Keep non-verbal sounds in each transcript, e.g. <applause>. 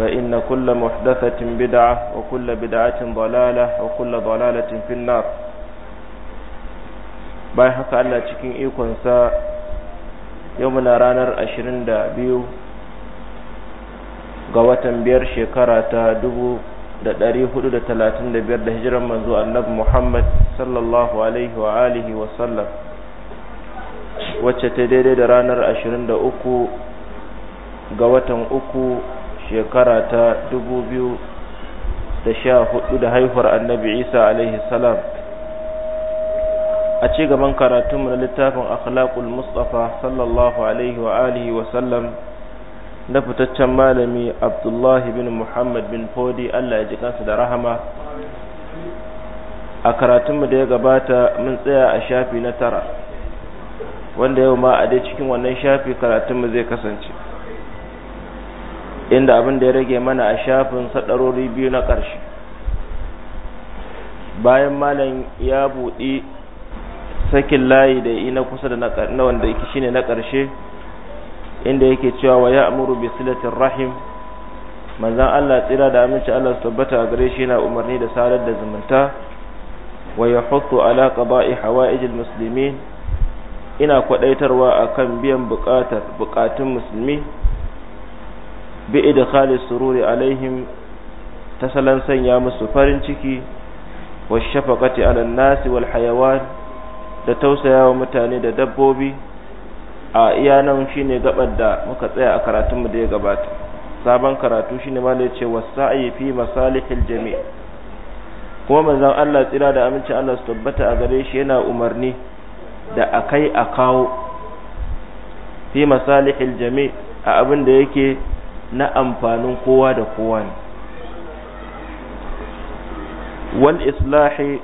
فإن كل محدثة بدعة وكل بدعة ضلالة وكل ضلالة في النار باي حكا الله تشكين إيكون سا يومنا رانر أشرين دا بيو قواتن بير شكرة دبو da hudu da talatin da biyar da hijiran manzo annabi Muhammad sallallahu alaihi wa alihi wa sallam wacce ta daidai da ranar ashirin ga watan uku shekara ta dubu biyu da sha hudu da haihuwar annabi isa alaihi salam a ci gaban karatunmu na littafin akhlaqul mustafa sallallahu alaihi wa alihi wa sallam na fitaccen malami abdullahi bin muhammad bin fodi allah ya ji kansa da rahama a karatunmu da ya gabata mun tsaya a shafi na tara wanda yau ma a dai cikin wannan shafi karatunmu zai kasance inda abin da ya rage mana a shafin sadarori biyu na ƙarshe bayan malam ya buɗi sakin layi da yi na kusa da na wanda yake shine na ƙarshe inda yake cewa wa amuru bi silatin rahim manzan Allah tsira da aminci Allah su tabbata a gare shi na umarni da sadar da zumunta wa alaka ala qada'i hawaijil muslimin ina kwadaitarwa akan biyan bukatun musulmi bi idkhali sururi alaihim tasalan sanya musu farin ciki wa shafaqati ala nasi wal hayawan da wa mutane da dabbobi a iya nan shine gabar da muka tsaya a karatunmu da ya gabata sabon karatu shine ma da ce wasa'i fi masalihil jami' kuma manzon Allah tsira da aminci Allah su tabbata a gare shi yana umarni da akai a kawo fi masalihil jami' a abin da yake na amfanin kowa da kowa ne wal islahi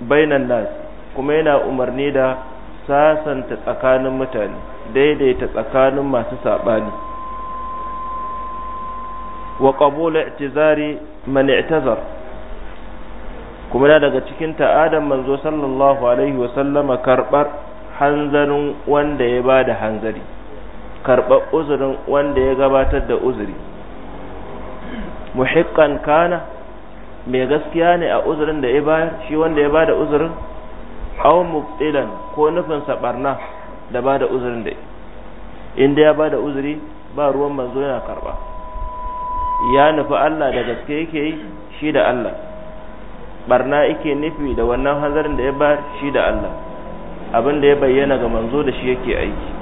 bainan nas kuma yana umarni da sasanta tsakanin mutane daidaita tsakanin masu saɓani wa qabula i'tizari man i'tazar kuma na daga cikin ta'adan manzo sallallahu alaihi wa sallama karbar hanzarin wanda ya ba da hanzari karɓar uzurin wanda ya gabatar da uzuri muhiqqan kana mai gaskiya ne a uzurin da ya bayar shi wanda ya bada uzurin aw mubtilan ko nufin sabarna da bada uzurin da inda ya bada uzuri ba ruwan manzo yana karba ya nufi Allah da gaske yake yi shi da Allah barna yake nufi da wannan hanzarin da ya bayar shi da Allah abin da ya bayyana ga manzo da shi yake aiki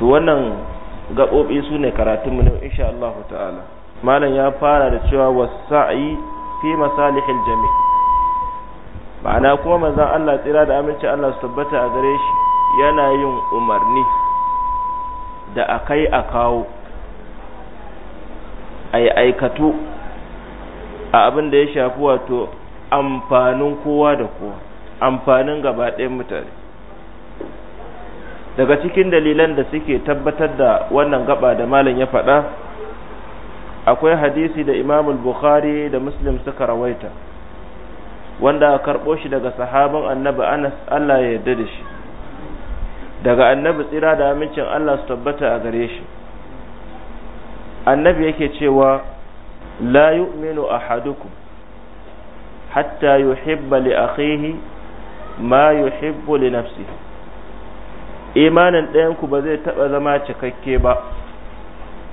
to wannan gaɓoɓi su ne karatunmu ne insha Allah ta'ala malam ya fara da cewa wasa'i fi masalihil jami' ma'ana kuma manzon Allah tsira da aminci Allah su tabbata a gare shi yana yin umarni da akai a kawo ai aikatu a abin da ya shafi wato amfanin kowa da kowa amfanin gaba ɗayan mutane daga cikin dalilan da suke tabbatar da wannan gaba da malam ya faɗa akwai hadisi da imamul bukhari da muslim suka rawaita wanda a karɓo shi daga sahabin annabi anas allah ya yarda da shi daga annabi tsira da amincin allah su tabbata a gare shi annabi yake cewa la yu'minu ahadukum hatta yuhibba li akhihi ma yuhibbu li nafsihi imanin ɗayanku ba zai taɓa zama cikakke ba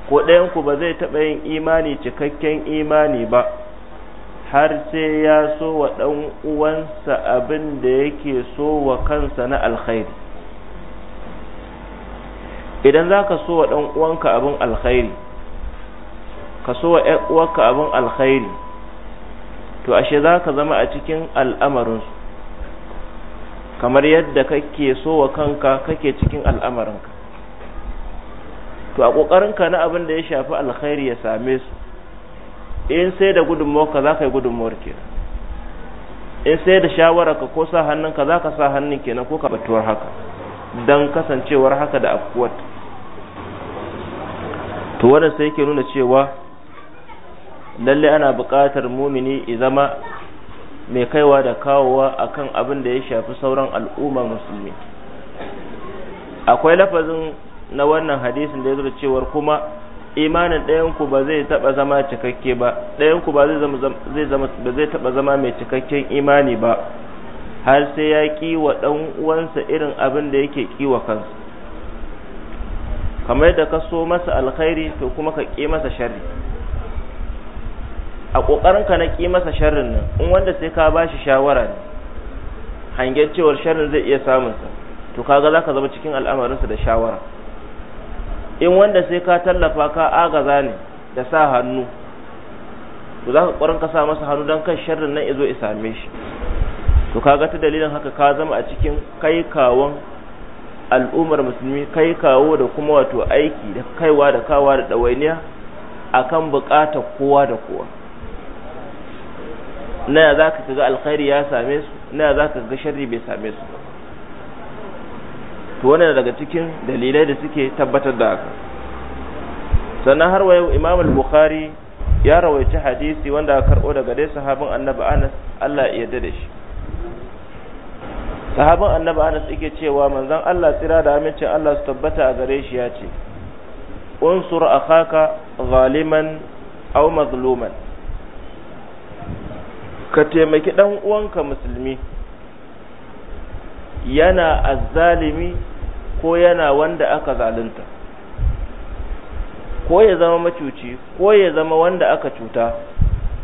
ko ɗayanku ba zai taɓa yin imani cikakken imani ba har sai ya so wa ɗan uwansa abin da yake so wa kansa na alkhairi idan za ka so wa ɗan uwanka abin alkhairi ka so wa uwanka abin alkhairi to ashe za ka zama a cikin al'amarinsu kamar yadda kake so wa kanka kake cikin al'amarinka to a ka na abin da ya shafi alkhairi ya same su in sai da gudunmawarka za ka yi gudunmawar kenan in sai da shawararka ko sa hannunka za ka sa hannun kenan ko ka batuwar haka don kasancewar haka da afkuwar to wannan sai ke nuna cewa lalle ana buƙatar mumini zama mai kaiwa da kawowa akan abin da ya shafi sauran al'ummar musulmi akwai lafazin na wannan hadisin da ya zura cewar kuma imanin ɗayanku ba zai taɓa zama cikakke ba ɗayanku ba zai taɓa zama mai cikakken imani ba har sai ya ƙi wa ɗan uwansa irin abin da yake ƙi wa kansa kamar da ka so masa alkhairi to kuma ka ƙi masa sharri a ƙoƙarin ka na ƙi masa sharrin nan in wanda sai ka ba shi shawara ne hangen cewar sharrin zai iya samunsa to kaga za ka zama cikin al'amarinsa da shawara in wanda sai ka tallafa ka agaza ne da sa hannu to za ka ƙwarin ka sa masa hannu don kan sharrin nan zo ya same shi to kaga ta dalilin haka ka zama a cikin kai kawon al'ummar musulmi kai kawo da kuma wato aiki da kaiwa da kawa da ɗawainiya akan buƙatar kowa da kowa na ya za ka ga alkhairi ya same su na ya za ka ga sharri bai same su to wannan daga cikin dalilai da suke tabbatar da haka sannan har wayo imam al-bukhari ya rawaici hadisi wanda aka karbo daga dai sahabin annabi anas Allah ya yarda da shi sahabin annabi anas yake cewa manzon Allah tsira da amincin Allah su tabbata a gare shi ya ce unsur akhaka zaliman aw mazluman ka taimaki ɗan uwanka musulmi yana azzalimi ko yana wanda aka zalunta ko ya zama macuci ko ya zama wanda aka cuta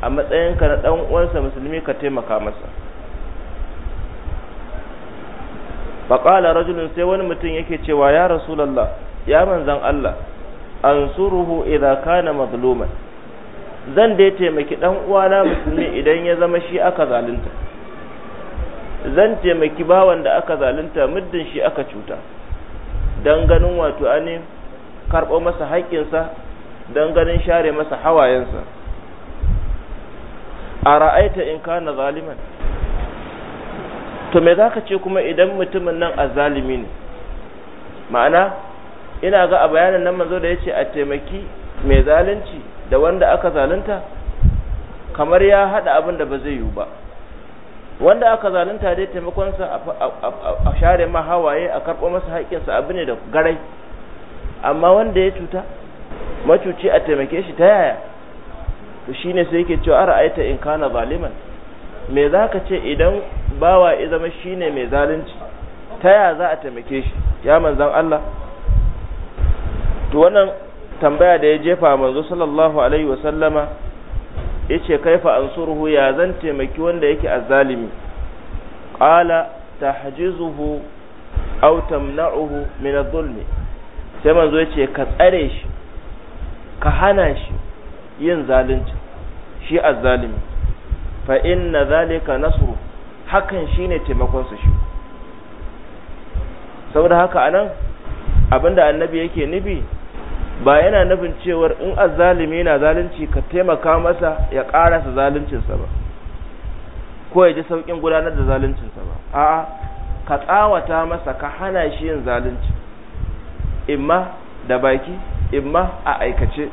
a matsayinka na ɗan uwansa musulmi ka taimaka masa Baƙala rajulun sai wani mutum yake cewa ya rasulallah ya manzan Allah an suruhu idan kana mazluman zan da ya taimaki ɗan uwana musulmi idan ya zama shi aka zalunta zan taimaki bawan da aka zalunta muddin shi aka cuta don ganin wato anin karɓo masa haƙƙinsa don ganin share masa hawayensa a ra'aita in kana zaliman to me za ka ce kuma idan mutumin nan a zalimi ne ma'ana ina ga a bayanin nan manzo da ya ce a taimaki mai zalunci da wanda aka zalunta kamar ya hada abin da ba zai yiwu ba wanda aka zalunta dai taimakonsa a share ma hawaye a karɓo masa haƙƙinsa abu ne da garai amma wanda ya cuta macuci a taimake shi ta yaya to shine sai yake cewa ra'aita in kana zaliman me zaka ce idan bawa ya zama shine mai zalunci ta yaya za a taimake shi ya manzan Allah to wannan tambaya da ya jefa manzo sallallahu alaihi wa sallama yace kaifa ansuruhu ya zan taimaki wanda yake azzalimi qala tahjizuhu aw tamna'uhu min adh dhulm sai manzo yace ka tsare shi ka hana shi yin zalunci shi azzalimi fa inna zalika nasru hakan shine taimakon su shi saboda haka anan abinda annabi yake nubi ba yana nufin cewar in azzalimi yana zalunci ka taimaka masa ya karasa zaluncinsa ba ko ya ji saukin gudanar da zaluncinsa ba a'a ka tsawata masa ka hana shi yin zalunci imma da baki imma a aikace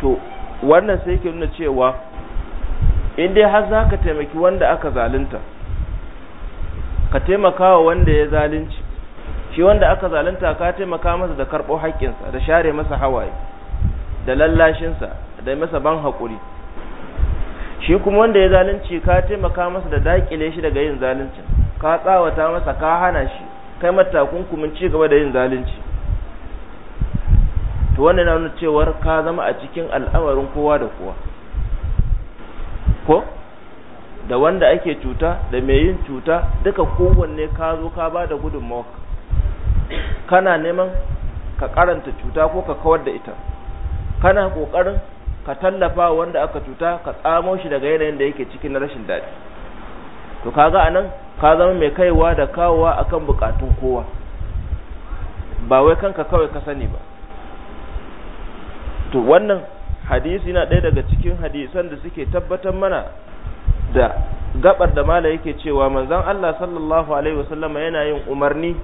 to wannan sai ke nuna cewa in dai har za ka taimaki wanda aka zalunta ka taimaka wa wanda ya zalunci shi wanda aka zalunta ka taimaka masa da karɓo haƙƙinsa da share masa hawaye da lallashinsa da masa ban hakuri. shi kuma wanda ya zalunci ka taimaka masa da dakile shi daga yin zaluncin ka tsawata masa ka hana shi kai matakunkumin ci gaba da yin zalunci to wannan na nuna cewar ka zama a cikin al'amarin kowa da kowa ko da wanda ake cuta da mai yin cuta duka kowanne ka zo ka ba da gudunmawa kana neman ka karanta cuta ko ka kawar da ita kana kokarin ka tallafa wanda aka cuta ka tsamo shi daga yanayin da yake cikin na rashin daɗi to kaga anan ka zama mai kaiwa da kawowa akan bukatun kowa ba wai kanka kawai ka sani ba to wannan hadisi na ɗaya daga cikin hadisan da suke tabbatar mana da gabar da mala yake cewa manzon Allah sallallahu alaihi wasallama yana yin umarni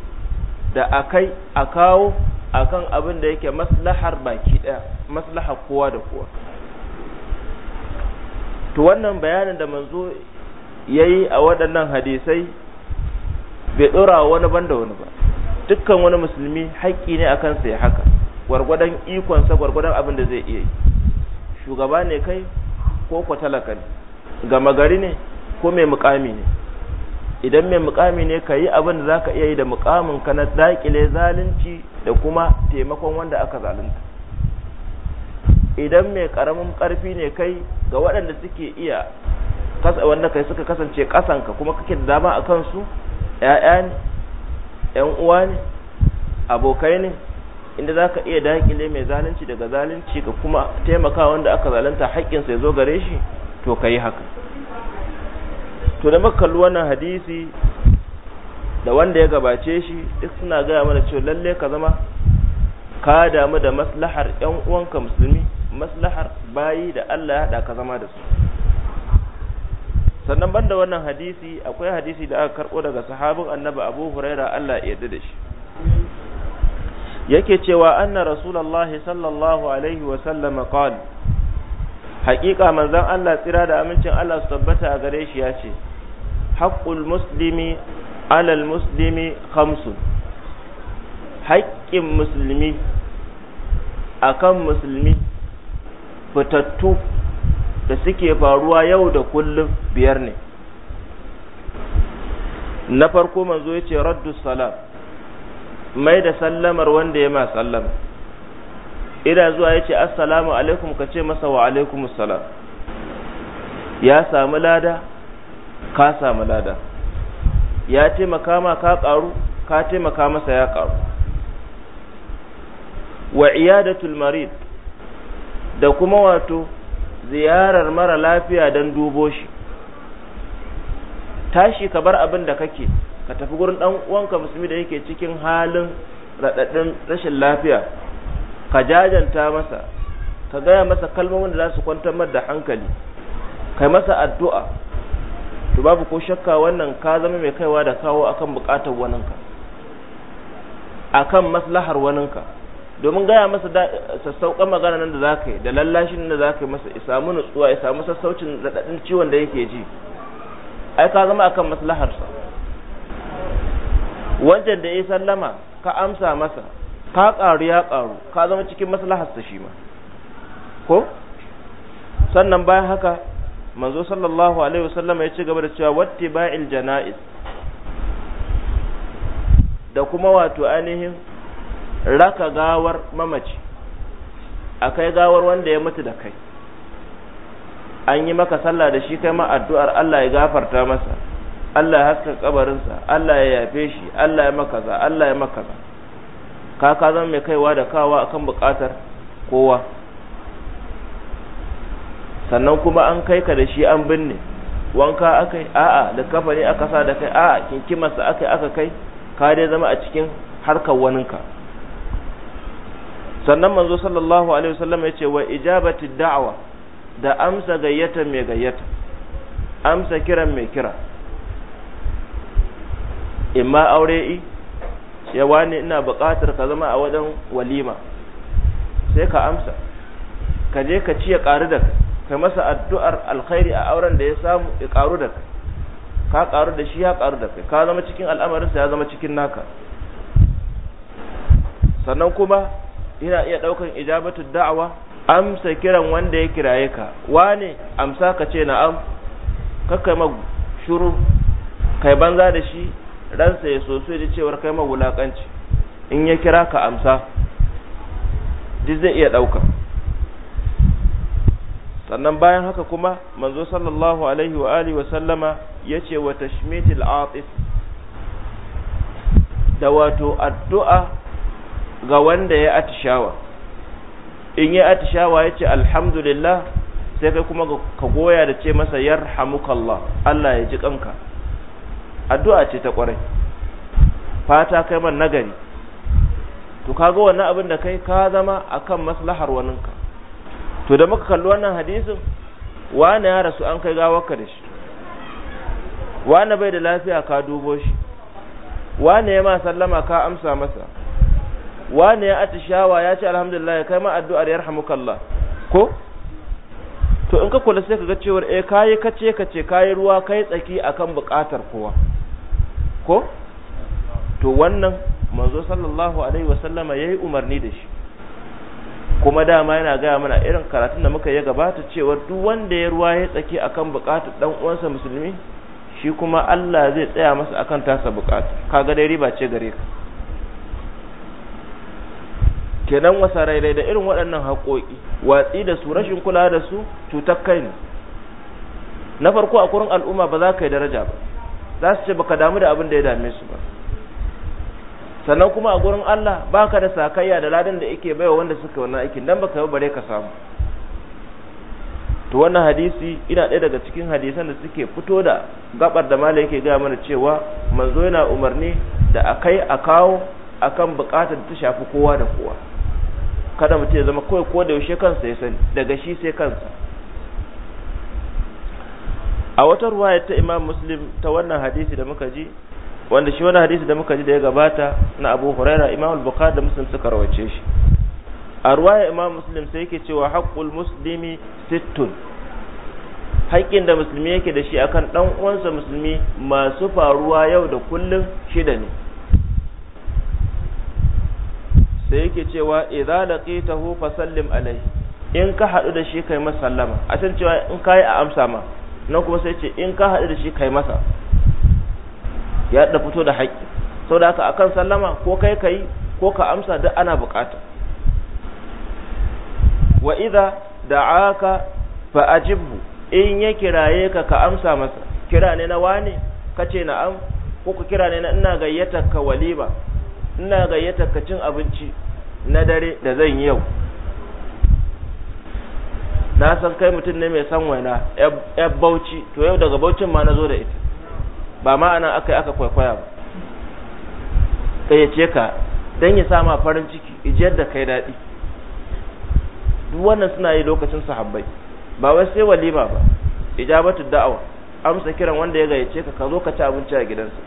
da akai a kawo akan abin da yake maslahar baki daya maslahar kowa da kowa to wannan bayanin da manzo yayi a waɗannan hadisai bai dora wani banda wani ba dukkan wani musulmi haƙƙi ne akan sai haka gwargwadon ikonsa gwargwadon abin da zai iya yi shugaba ne kai ko kwatalaka ne gama gari ne ko mai mukami ne idan mai mukami ne ka yi abin da za ka iya yi da mukamin ka na daƙile zalunci da kuma taimakon wanda aka zalunta idan mai karamin karfi ne kai ga waɗanda suke iya kasa wanda kai suka kasance kasanka kuma kake da dama a kansu ‘ya'ya ne uwa ne abokai ne inda za ka iya daƙile mai zalunci daga zalunci ka kuma taimaka wanda aka zalunta haƙƙinsa ya zo gare shi to ka yi haka to da muka kalli wannan hadisi da wanda ya gabace shi duk suna gaya mana cewa lalle ka zama ka damu da maslahar ƴan uwanka musulmi maslahar bayi da Allah ya haɗa ka zama da su sannan banda wannan hadisi akwai hadisi da aka karɓo daga sahabin annabi abu huraira Allah ya yarda da shi yake cewa anna rasulullahi sallallahu alaihi wa sallam qala haƙiƙa manzon Allah tsira da amincin Allah su tabbata a gare shi ya ce haƙƙul muslimi alal muslimi khamsun haƙƙin musulmi akan musulmi fitattu da suke faruwa yau da kullum biyar ne na farko manzo ya ce raddu salam mai da sallamar wanda ya ma sallama ina zuwa ya ce assalamu alaikum ka ce masa wa alaikum salam ya samu lada ka samu lada ya taimaka ma ka karu ka taimaka masa ya karu wa iyadatul marid da kuma wato ziyarar mara lafiya don dubo shi tashi ka bar abin da kake ka tafi gurin dan uwanka musulmi da yake cikin halin radadin rashin lafiya ka jajanta masa ka gaya masa kalmomin da za su kwantar da hankali kai masa addu'a to babu ko shakka wannan ka zama mai kaiwa da kawo akan bukatar waninka akan maslahar waninka domin gaya masa sassauƙan magana nan da za ka yi da lallashin nan da za ka yi masa isa nutsuwa isa samu sassaucin raɗaɗin ciwon da yake ji ai ka zama akan maslaharsa wajen da ya sallama ka amsa masa ka ƙaru ya ƙaru ka zama cikin maslaharsa shi ma ko sannan bayan haka manzo sallallahu alaihi wasallam ya ci gaba da cewa wattiba'il janaiz da kuma wato ainihin raka gawar mamaci akai gawar wanda ya mutu da kai an yi maka sallah da shi kai ma addu'ar Allah ya gafarta masa Allah ya haska kabarinsa Allah ya yafe shi Allah ya maka za Allah ya maka za ka ka zama mai kaiwa da kawa akan bukatar kowa sannan kuma an kai ka da shi an binne wanka aka yi a'a da kafa ne aka sa da kai a'a kinkimarsa aka aka kai ka dai zama a cikin harkar waninka sannan manzo sallallahu alaihi wasallam ya ce wa ijabati da'wa da amsa gayyata mai gayyata amsa kiran mai kira imma aure yi ya wani ina buƙatar ka zama a wajen walima sai ka amsa ka je ka ci ya ƙaru da kai kai masa addu'ar alkhairi a auren da ya samu ya karu da kai ka karu da shi ya karu da kai ka zama cikin al'amarinsa ya zama cikin naka sannan kuma ina iya daukan ijabatu da'awa amsa kiran wanda ya kiraye ka wane amsa ka ce na'am kai ma shuru kai banza da shi ransa ya sosai da cewar kai ma wulakanci in ya kira ka amsa duk zai iya dauka sannan bayan haka kuma manzo sallallahu alaihi wa alihi wa sallama yace wa tashmitil atif da wato addu'a ga wanda ya atishawa in ya atishawa yace alhamdulillah sai kai kuma ka goya da ce masa yarhamukallah Allah ya ji kanka addu'a ce ta kwarai fata kai man nagari to kaga wannan abin da kai ka zama akan maslahar waninka to da muka kalli wannan hadisin wani ya rasu an kai gawarka da shi wani bai da lafiya ka dubo shi wani ya ma sallama ka amsa masa wani ya atishawa ya ce alhamdulillah kai ma addu'ar yarhamukallah ko to in ka kula sai ka ga cewa eh kayi kace kace kayi ruwa kai tsaki akan bukatar kowa ko to wannan manzo sallallahu alaihi wasallama yayi umarni da shi kuma dama yana gaya mana irin karatun da muka yi gabata cewar duk wanda ya ruwa ya tsaki akan bukatar dan uwansa musulmi shi kuma Allah zai tsaya masa akan tasa bukata kaga dai riba ce gare ka kenan wasa rairai da irin waɗannan haƙoƙi watsi da su rashin kula da su cutar kai ne na farko a kurin al'umma ba za ka yi daraja ba za su ce baka damu da abin da ya dame su ba sannan kuma a gurin Allah baka da sakayya da ladin da yake baiwa wanda suka wannan aikin dan baka yi bare ka samu to wannan hadisi ina ɗaya daga cikin hadisan da suke fito da gabar da malai yake gaya mana cewa manzo yana umarni da akai a kawo akan bukatar da ta shafi kowa da kowa kada mutum ya zama kawai ko da yaushe kansa ya sani daga shi sai kansa a wata ruwaya ta imam muslim ta wannan hadisi da muka ji wanda shi wani hadisi da muka ji da ya gabata na abu huraira imam al-bukhari da muslim suka rawace shi a ruwaya imam muslim sai yake cewa haqqul muslimi sittun haƙƙin da musulmi yake da shi akan dan uwansa musulmi masu faruwa yau da kullum shida ne sai yake cewa idza laqitahu sallim alaihi in ka hadu da shi kai masa sallama a san cewa in kai a amsa ma nan kuma sai ce in ka hadu da shi kai masa ya da fito da haƙƙi saboda haka akan sallama ko kai kai ko ka amsa duk ana bukata wa iza da'aka fa ajibu in ya kiraye ka ka amsa masa kira ne na wane kace am ko ku kira ne na ina gayyatar ka walima ina gayyata ka cin abinci na dare da zan yi yau na san kai mutum ne mai san waina yar bauchi to yau daga baucin ma na zo da ita ba ma'ana anan aka aka kwaikwaya ba ce ka dan ya sama farin ciki ijiyar da kai daɗi duk wannan suna yi lokacin sahabbai ba wai sai walima ba ijabatu da'awa amsa kiran wanda ya gayyace ka ka zo ka ci abinci a gidansa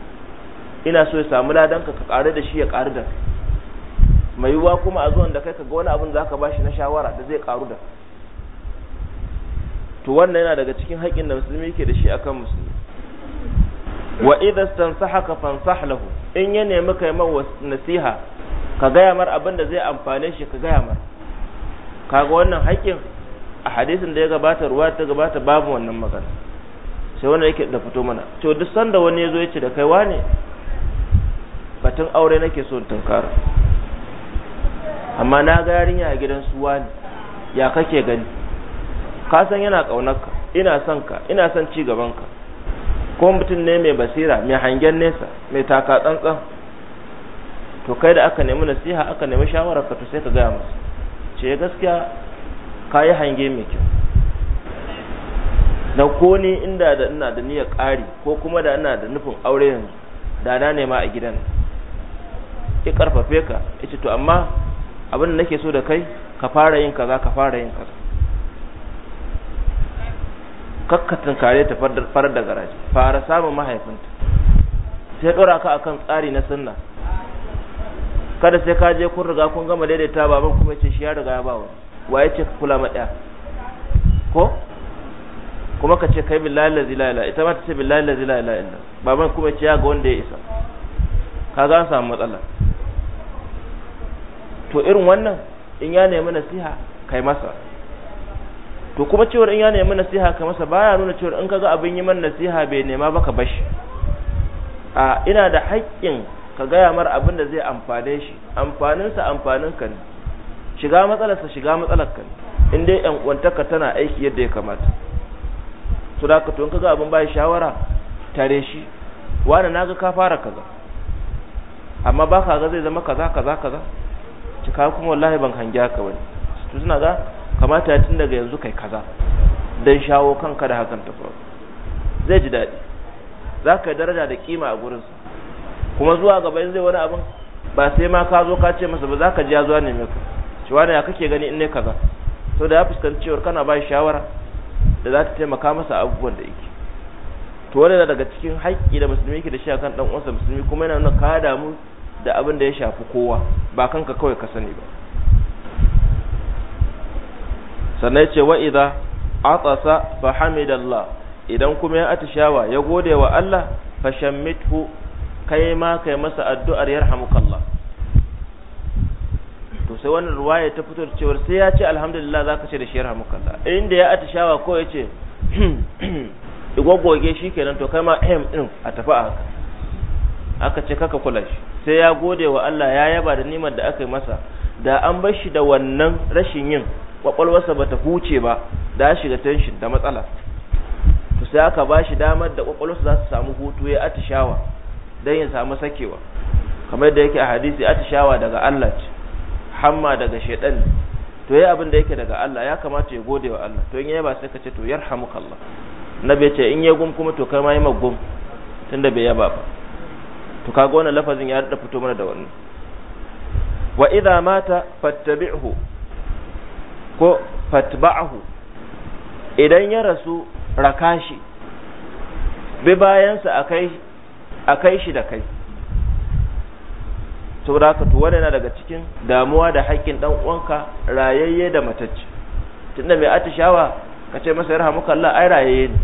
ina so ya samu ladan ka ka kare da shi ya ƙaru da kai mai yiwuwa kuma a zuwan da kai ka ga wani abin za ka bashi na shawara da zai karu da to wannan yana daga cikin haƙƙin da musulmi yake da shi akan musulmi wa idza stansahaka fansah lahu in ya nemi kai ma nasiha ka gaya mar abin zai amfane shi ka gaya mar kaga wannan haƙƙin a hadisin da ya gabata ruwa ta gabata babu wannan magana sai wanda yake da fito mana to duk sanda wani ya zo ya ce da kai wane batun aure nake so tunkara amma na ga yarinya a gidan su wani ya kake gani ka san yana kaunarka ina son ka ina son ci gaban ka ko mutum ne mai basira mai hangen nesa mai taka tsantsan to kai da aka nemi nasiha aka nemi shawara ka to sai ka gaya musu ce gaskiya ka yi hange mai kyau da ko ni inda da ina da niyyar ƙari ko kuma da ina da nufin aure yanzu da na nema a gidan ki karfafe ka ita to amma abin da nake so da kai ka fara yin kaza ka fara yin kaza kakkatin kare ta farar da garaji fara samun mahaifinta sai dora ka akan tsari na sunna kada sai ka je kun riga kun gama daidaita baban kuma ce shi ya riga ya bawa wa ya ce ka kula ma ɗaya ko kuma ka ce kai billahi lazi la ilaha ita ma ta ce billahi lazi la ilaha illa baban kuma ce ya ga wanda ya isa ka ga an samu matsala to irin wannan in ya nemi nasiha kai masa to kuma cewar in ya nemi nasiha ka masa baya nuna cewar in kaga abin yi man nasiha bai nema ba ka bashi a ina da haƙƙin ka gaya mar abin da zai amfane shi amfaninsa amfanin ka ne shiga matsalarsa shiga matsalar ka ne in dai yan ka tana aiki yadda ya kamata to da ka to in kaga abin bai shawara tare shi wani naga ka fara kaza amma ba ka ga zai zama kaza kaza kaza cika kuma wallahi ban hangi ka bane to suna ga kamata ya tun daga yanzu kai kaza don shawo kanka da hakan ta faru zai ji daɗi za ka daraja da kima a gurinsa kuma zuwa gaba in zai wani abin ba sai ma ka zo ka ce masa ba za ka ji ya zuwa neme ka cewa ne ya kake gani in ne kaza sau da ya fuskanci cewar kana ba shawara da za ta taimaka masa abubuwan da yake to wani daga cikin haƙƙi da musulmi yake da shi kan dan uwansa musulmi kuma yana nuna ka damu da abin da ya shafi kowa ba kanka kawai ka sani ba sannan yace wa idza atasa fa hamidallah idan kuma ya atishawa ya gode wa Allah fa kai ma kai masa addu'ar yarhamukallah to sai wannan ruwaya ta fito cewa sai ya ce alhamdulillah zaka ce da shi yarhamukallah inda ya atishawa ko ya ce igogoge shi kenan to kai ma ahem din a tafi a haka aka ce kaka kula shi sai ya gode wa Allah ya yaba da nimar da aka yi masa da an bar shi da wannan rashin yin kwakwalwarsa ba ta huce ba da shiga tension da matsala to sai aka ba shi damar da kwakwalwarsa za su samu hutu ya atishawa don ya samu sakewa kamar da yake a hadisi atishawa daga Allah ce hamma daga shaidan to yi abin da yake daga Allah ya kamata ya gode wa Allah to in yayi ba sai ka ce to yarhamukallah nabi ce in yayi gum kuma to kai ma yi magum tunda bai yaba ba to kaga wannan lafazin ya da fito mana da wannan wa idza mata fattabi'hu ko fatba'ahu idan ya rasu rakashi, bi bayansa a kai shi da kai saboda haka to yana daga cikin damuwa da haƙƙin dan uwanka rayayye da matacce tunda mai atishawa ka ce masa yarhamuka Allah ai rayayye ne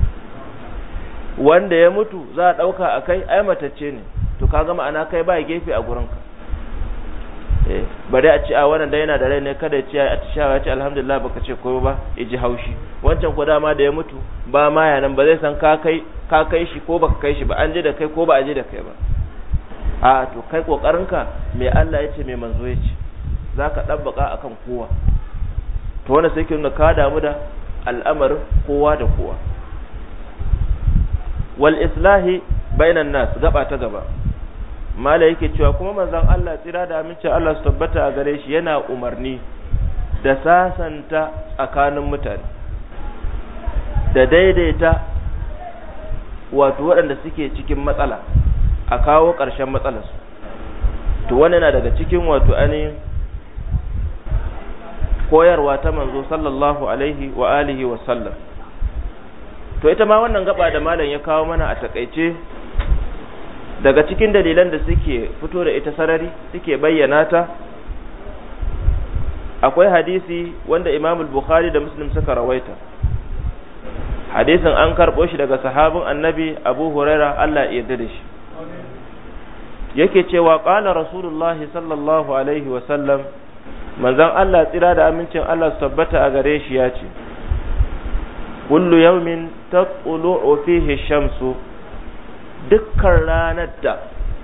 wanda ya mutu za a dauka akai ai matacce ne to ka ga ma'ana kai ba gefe a gurinka Eh, bari a ce a wannan da yana da rai ne kada ya ce a tishawa ya ce alhamdulillah baka ce koyo ba ya ji haushi wancan ko dama da ya mutu ba ma ya nan ba zai san ka kai shi ko baka kai shi ba an je da kai ko ba a je da kai ba a to kai kokarinka mai Allah ya ce mai manzo ya ce za zaka dabbaka kan kowa to wanda sai ke nuna ka damu da al'amarin kowa da kowa wal islahi bainan nas gaba ta gaba mala yake cewa kuma manzon Allah tsira da amince Allah su tabbata a gare shi yana umarni da sasanta tsakanin mutane da daidaita wato waɗanda suke cikin matsala a kawo ƙarshen matsalarsu to wani na daga cikin wato ainihin koyarwa ta manzo sallallahu alaihi wa alihi wa sallam to ita ma wannan gaba da malam ya kawo mana a takaice daga cikin dalilan da suke fito da ita sarari suke bayyana ta akwai hadisi wanda Imam al bukhari da muslim suka rawaita hadisin an karɓo shi daga sahabin annabi abu huraira allah ya da shi yake cewa "Ƙana rasulullah sallallahu alaihi wasallam manzan allah tsira da amincin allah su tabbata a gare shi ya ce kullu yawmin tatlu'u fihi shamsu dukkan ranar da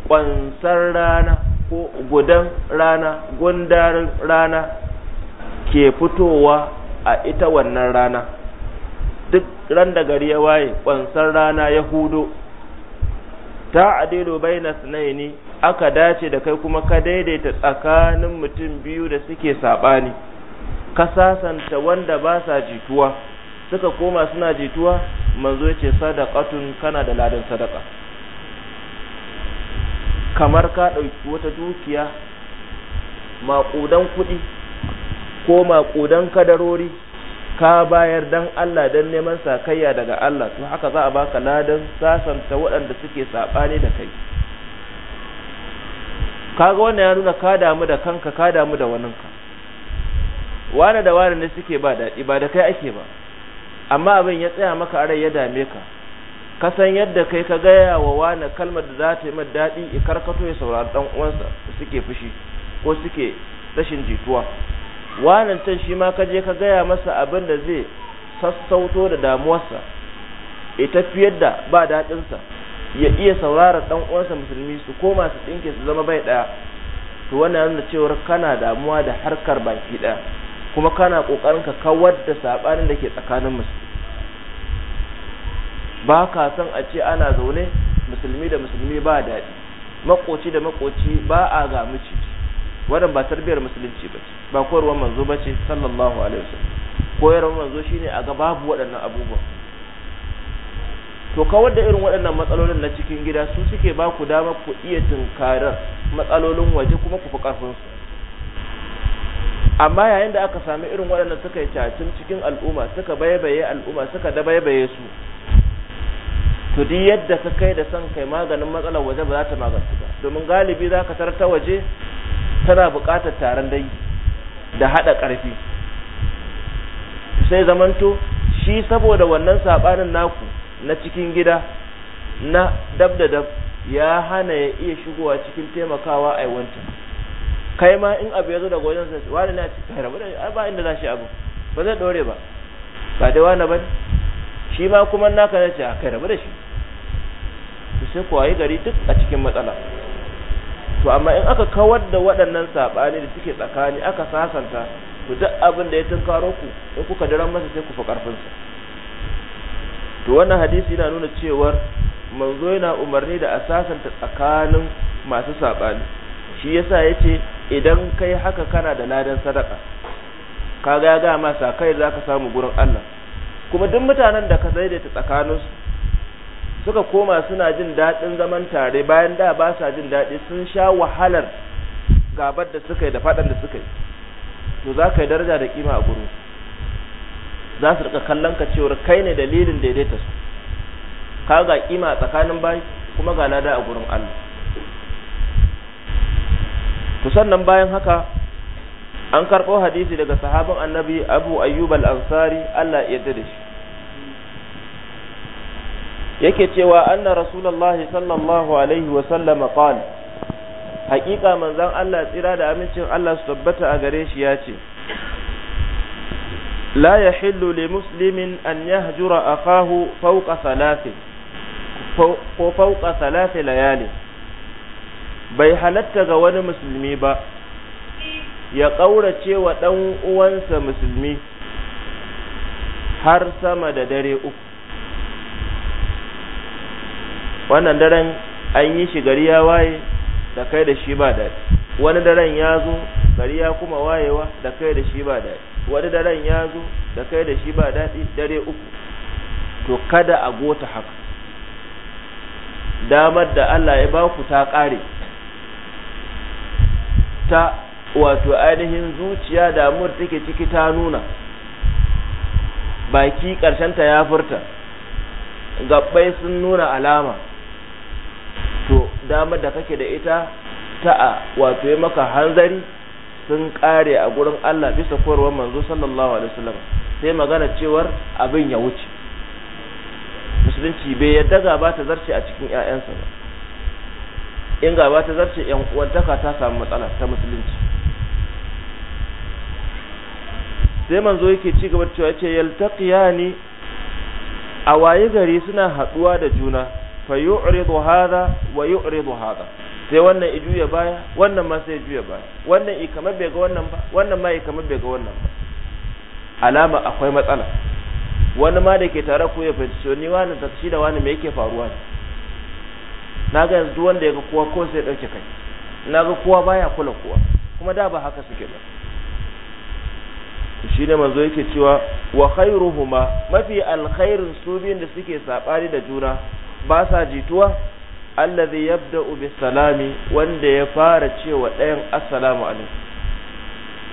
ƙwansar rana ko gudan rana gundarin rana ke fitowa a ita wannan rana duk ran da gari ya waye ƙwansar rana ya hudo ta adilu baina sunaini aka dace da kai kuma ka daidaita tsakanin mutum biyu da suke saɓani ka sasanta wanda ba sa jituwa suka koma suna jituwa manzo ce sadaqatun kana da ladan sadaka kamar ka ɗauki wata dukiya maƙudan kuɗi ko maƙudan kadarori ka bayar dan Allah dan neman sakayya daga Allah to haka za a baka ladan sasanta waɗanda suke saɓani da kai kaga wannan ya nuna ka damu da kanka ka damu da waninka wane da wane ne suke ba daɗi ba da kai ake ba amma abin ya tsaya maka arai ya dame ka ka san yadda kai ka gaya wa wani kalmar da za ta yi mai daɗi ya karkato ya saurari ɗan uwansa suke fushi ko suke rashin jituwa wanan can shi ma ka je ka gaya masa abin da zai sassauto da damuwarsa ya tafiyar da ba daɗinsa ya iya saurara ɗan uwansa musulmi su koma su ɗinke su zama bai ɗaya to wannan yana cewar kana damuwa da harkar baki ɗaya kuma kana ƙoƙarin ka kawar da saɓanin da ke tsakanin musulmi ba ka san a ce ana zaune musulmi da musulmi ba daɗi makoci da makoci ba a ga miciji wannan ba tarbiyar musulunci ba ce ba koyarwar manzo ba ce sallallahu alaihi wasallam koyarwar manzo shine a ga babu waɗannan abubuwan to kawar da irin waɗannan matsalolin na cikin gida su suke ba ku dama ku iya tunkarar matsalolin waje kuma ku fi ƙarfinsu amma yayin da aka sami irin waɗannan suka yi cacin cikin al'umma suka baibaye al'umma suka dabaibaye su to di yadda ka kai da san kai maganin matsalar waje ba za ta magantu ba domin galibi za ka tarta waje tana buƙatar taron dai da haɗa ƙarfi sai zamanto shi saboda wannan saɓanin naku na cikin gida na dab da dab ya hana ya iya shigowa cikin taimakawa a yawancin kai ma in abu ya zo daga wajen sai wani na ci kai rabu da ba inda za shi abu ba zai dore ba ba da wani ba shi ma kuma naka na ci a kai rabu da shi sai ku wayi gari duk a cikin matsala to amma in aka kawar da waɗannan saɓani da suke tsakani aka sasanta to duk abin da ya tunkaro ku in kuka daren masa sai ku fi ƙarfinsa to wannan hadisi yana nuna cewar manzo yana umarni da a sasanta tsakanin masu saɓani shi yasa ya ce idan kai haka kana da ladan sadaka ka ga ya kai za ka samu gurin Allah kuma duk mutanen da ka zaidaita tsakaninsu suka koma suna jin daɗin zaman tare bayan da ba sa jin daɗi sun sha wahalar gabar da suka yi da faɗan da suka yi to za ka yi daraja da kima a gurin za su rika kallon ka cewar kai ne dalilin daidaita su ka ga kima tsakanin bayi kuma ga lada a gurin Allah to sannan bayan haka an karɓo hadisi daga sahabin annabi abu ayyub al-ansari Allah ya yarda da shi yake cewa anna rasulullahi sallallahu alaihi wa sallama qala haƙiƙa manzon Allah tsira da amincin Allah su tabbata a gare shi ya ce la yahillu li muslimin an yahjura akahu fawqa salasi ko fawqa salasi layali bai halatta ga wani musulmi ba ya ƙaurace wa ɗan uwansa musulmi har sama da dare uku wannan daren an yi shi gari ya waye da kai da shi ba daɗi wani daren ya zo gari ya kuma wayewa da kai da shi ba daɗi wani daren ya zo da kai da shi ba daɗi dare uku to kada a gota haka damar da Allah ya baku ta ƙare ta wato ainihin zuciya damar take ciki ta nuna baki ta ya furta gabbai sun nuna alama to damar da kake da ita ta a wato ya maka hanzari sun kare a gurin Allah bisa koyarwar manzo sallallahu alaihi wasallam sai magana cewar abin ya wuce musulunci bai yadda gaba ta zarce a cikin ƴaƴansa ba in gaba ta zarce ƴan uwantaka ta samu matsala ta musulunci sai manzo yake ci gaba cewa yace yaltaqiyani a waye gari suna haɗuwa da juna fa yu'ridu hadha wa yu'ridu hadha sai wannan i juya baya wannan ma sai juya baya wannan i kamar bai ga wannan ba wannan ma i kamar bai ga wannan ba alama akwai matsala wani ma da ke tare ku ya fahimci ni wani da shi da wani me yake faruwa ne na ga yanzu wanda ya ga kowa ko sai dauke kai na ga kowa baya kula kowa kuma da ba haka suke ba shine manzo yake cewa wa khairuhuma mafi alkhairin su biyun da suke sabani da juna ba sa jituwa allazi yabda'u salami wanda ya fara cewa ɗayan assalamu alaikum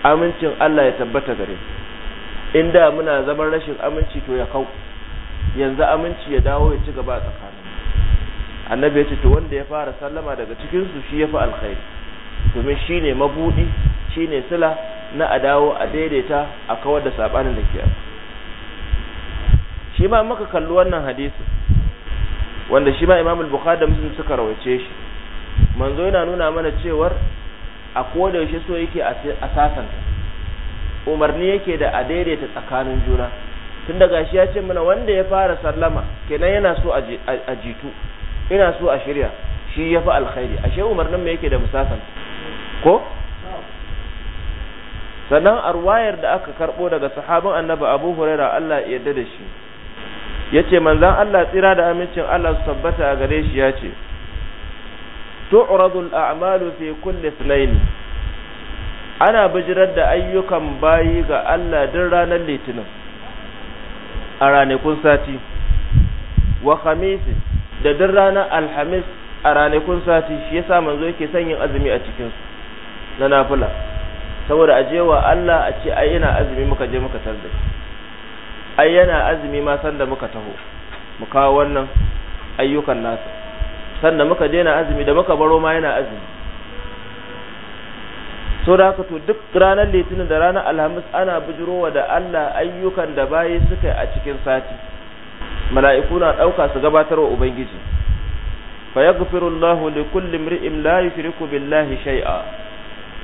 amincin Allah ya tabbata gare inda muna zaman rashin aminci to ya kau yanzu aminci ya dawo ya ci gaba tsakanin annabi ya ce to wanda ya fara sallama daga cikin su shi fi alkhairi domin shine mabudi shine sila na a dawo a daidaita a kawar da sabanin da ke shi ma muka kalli wannan hadisi wanda shi ma imamul bukhari da muslim suka rawace shi manzo yana nuna mana cewar a koda yaushe so yake a sasanta umarni yake da a daidaita tsakanin juna tun daga shi ya ce mana wanda ya fara sallama kenan yana so a jitu ina so a shirya shi ya fi alkhairi ashe umarnin mai yake da musasan ko sannan arwayar da aka karbo daga sahabin annabi abu huraira Allah ya yarda da shi yace manzan Allah tsira da amincin Allah su tabbata a gare shi yace ce al-a'malu fi kulli ithnain ana bijirar da ayyukan bayi ga Allah din ranar litinin a ranakun sati wa khamis da din ranar alhamis a ranakun sati shi yasa manzo yake son yin azumi a cikin su na nafila saboda ajewa Allah a ce ai ina azumi muka je muka tarda ai yana azumi ma sanda muka taho mu kawo wannan ayyukan nasa sanda muka je na azumi da muka baro ma yana azumi so da haka to duk ranar litinin da ranar alhamis ana bujirowa da Allah ayyukan da bayi suka a cikin sati mala'iku na ɗauka su gabatarwa ubangiji fa yaghfiru li kulli imri'in la yushriku billahi shay'a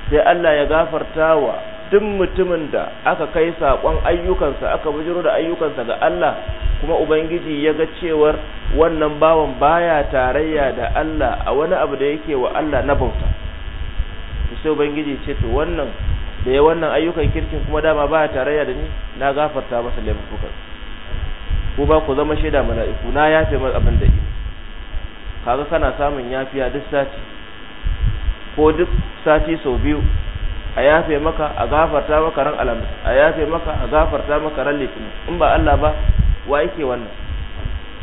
sai Allah ya gafartawa duk mutumin da aka kai saƙon ayyukansa aka bujiro da ayyukansa ga Allah kuma ubangiji ya ga cewar wannan bawan baya tarayya da Allah a wani abu da yake wa Allah na bauta sai ubangiji ce to wannan da ya wannan ayyukan kirkin kuma dama baya tarayya da ni na gafarta masa laifukan ko ba ku zama shaida mala'iku na yafe masa abin da yake kaga kana samun yafiya duk sati ko duk sati sau biyu a yafe maka a gafarta maka ran alamu a yafe maka a gafarta maka ran litinin in ba Allah ba wa yake wannan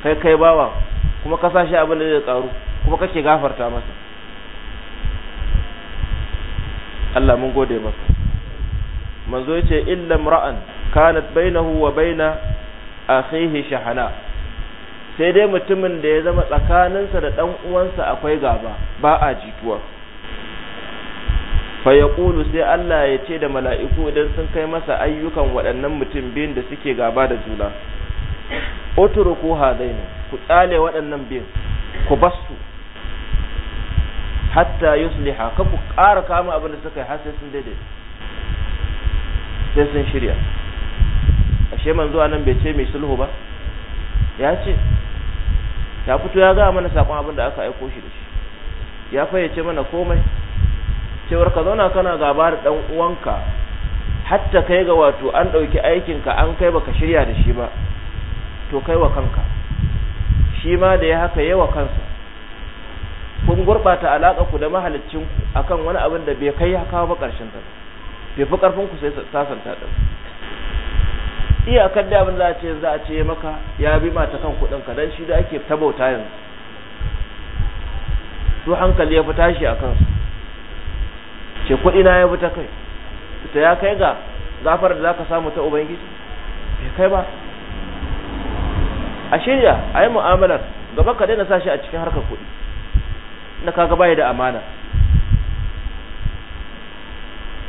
kai kai bawa kuma ka sashi abin da zai karu kuma kake gafarta masa Allah mun gode maka manzo yace illa imra'an kanat bainahu wa baina akhihi shahana sai dai mutumin da ya zama tsakaninsa da dan uwansa akwai gaba ba a jituwa fa ƙulu sai Allah ya ce da mala'iku idan sun kai masa ayyukan waɗannan mutum biyun da suke gaba da juna ko hadaina ku tsale waɗannan biyun ku basu hatta yusliha ka ku ƙara kama abin da suka yi har sai sun daidai sai sun shirya ashe man zuwa nan bai ce mai sulhu ba ya ce ya fito ya ga mana saƙon abin da aka aiko shi da shi ya fayyace mana komai cewar ka zauna kana gaba da dan uwanka hatta kai ga wato an dauki aikin ka an kai baka shirya da shi ba to kai wa kanka shi ma da ya haka yawa kansa kun gurbata alaka ku da mahaliccin ku akan wani abin da bai kai haka ba karshen ta bai fi karfin ku sai sasanta din kan da abin za a ce za a ce maka ya bi mata kan kudin ka dan shi da ake tabauta yanzu to hankali ya fi tashi a su ce kuɗi na ya bi ta kai ta ya kai ga gafar da za zaka samu ta ubangiji bai kai ba a shirya a yi mu'amalar gaba ka daina sashi a cikin harkar kuɗi na ka gaba da amana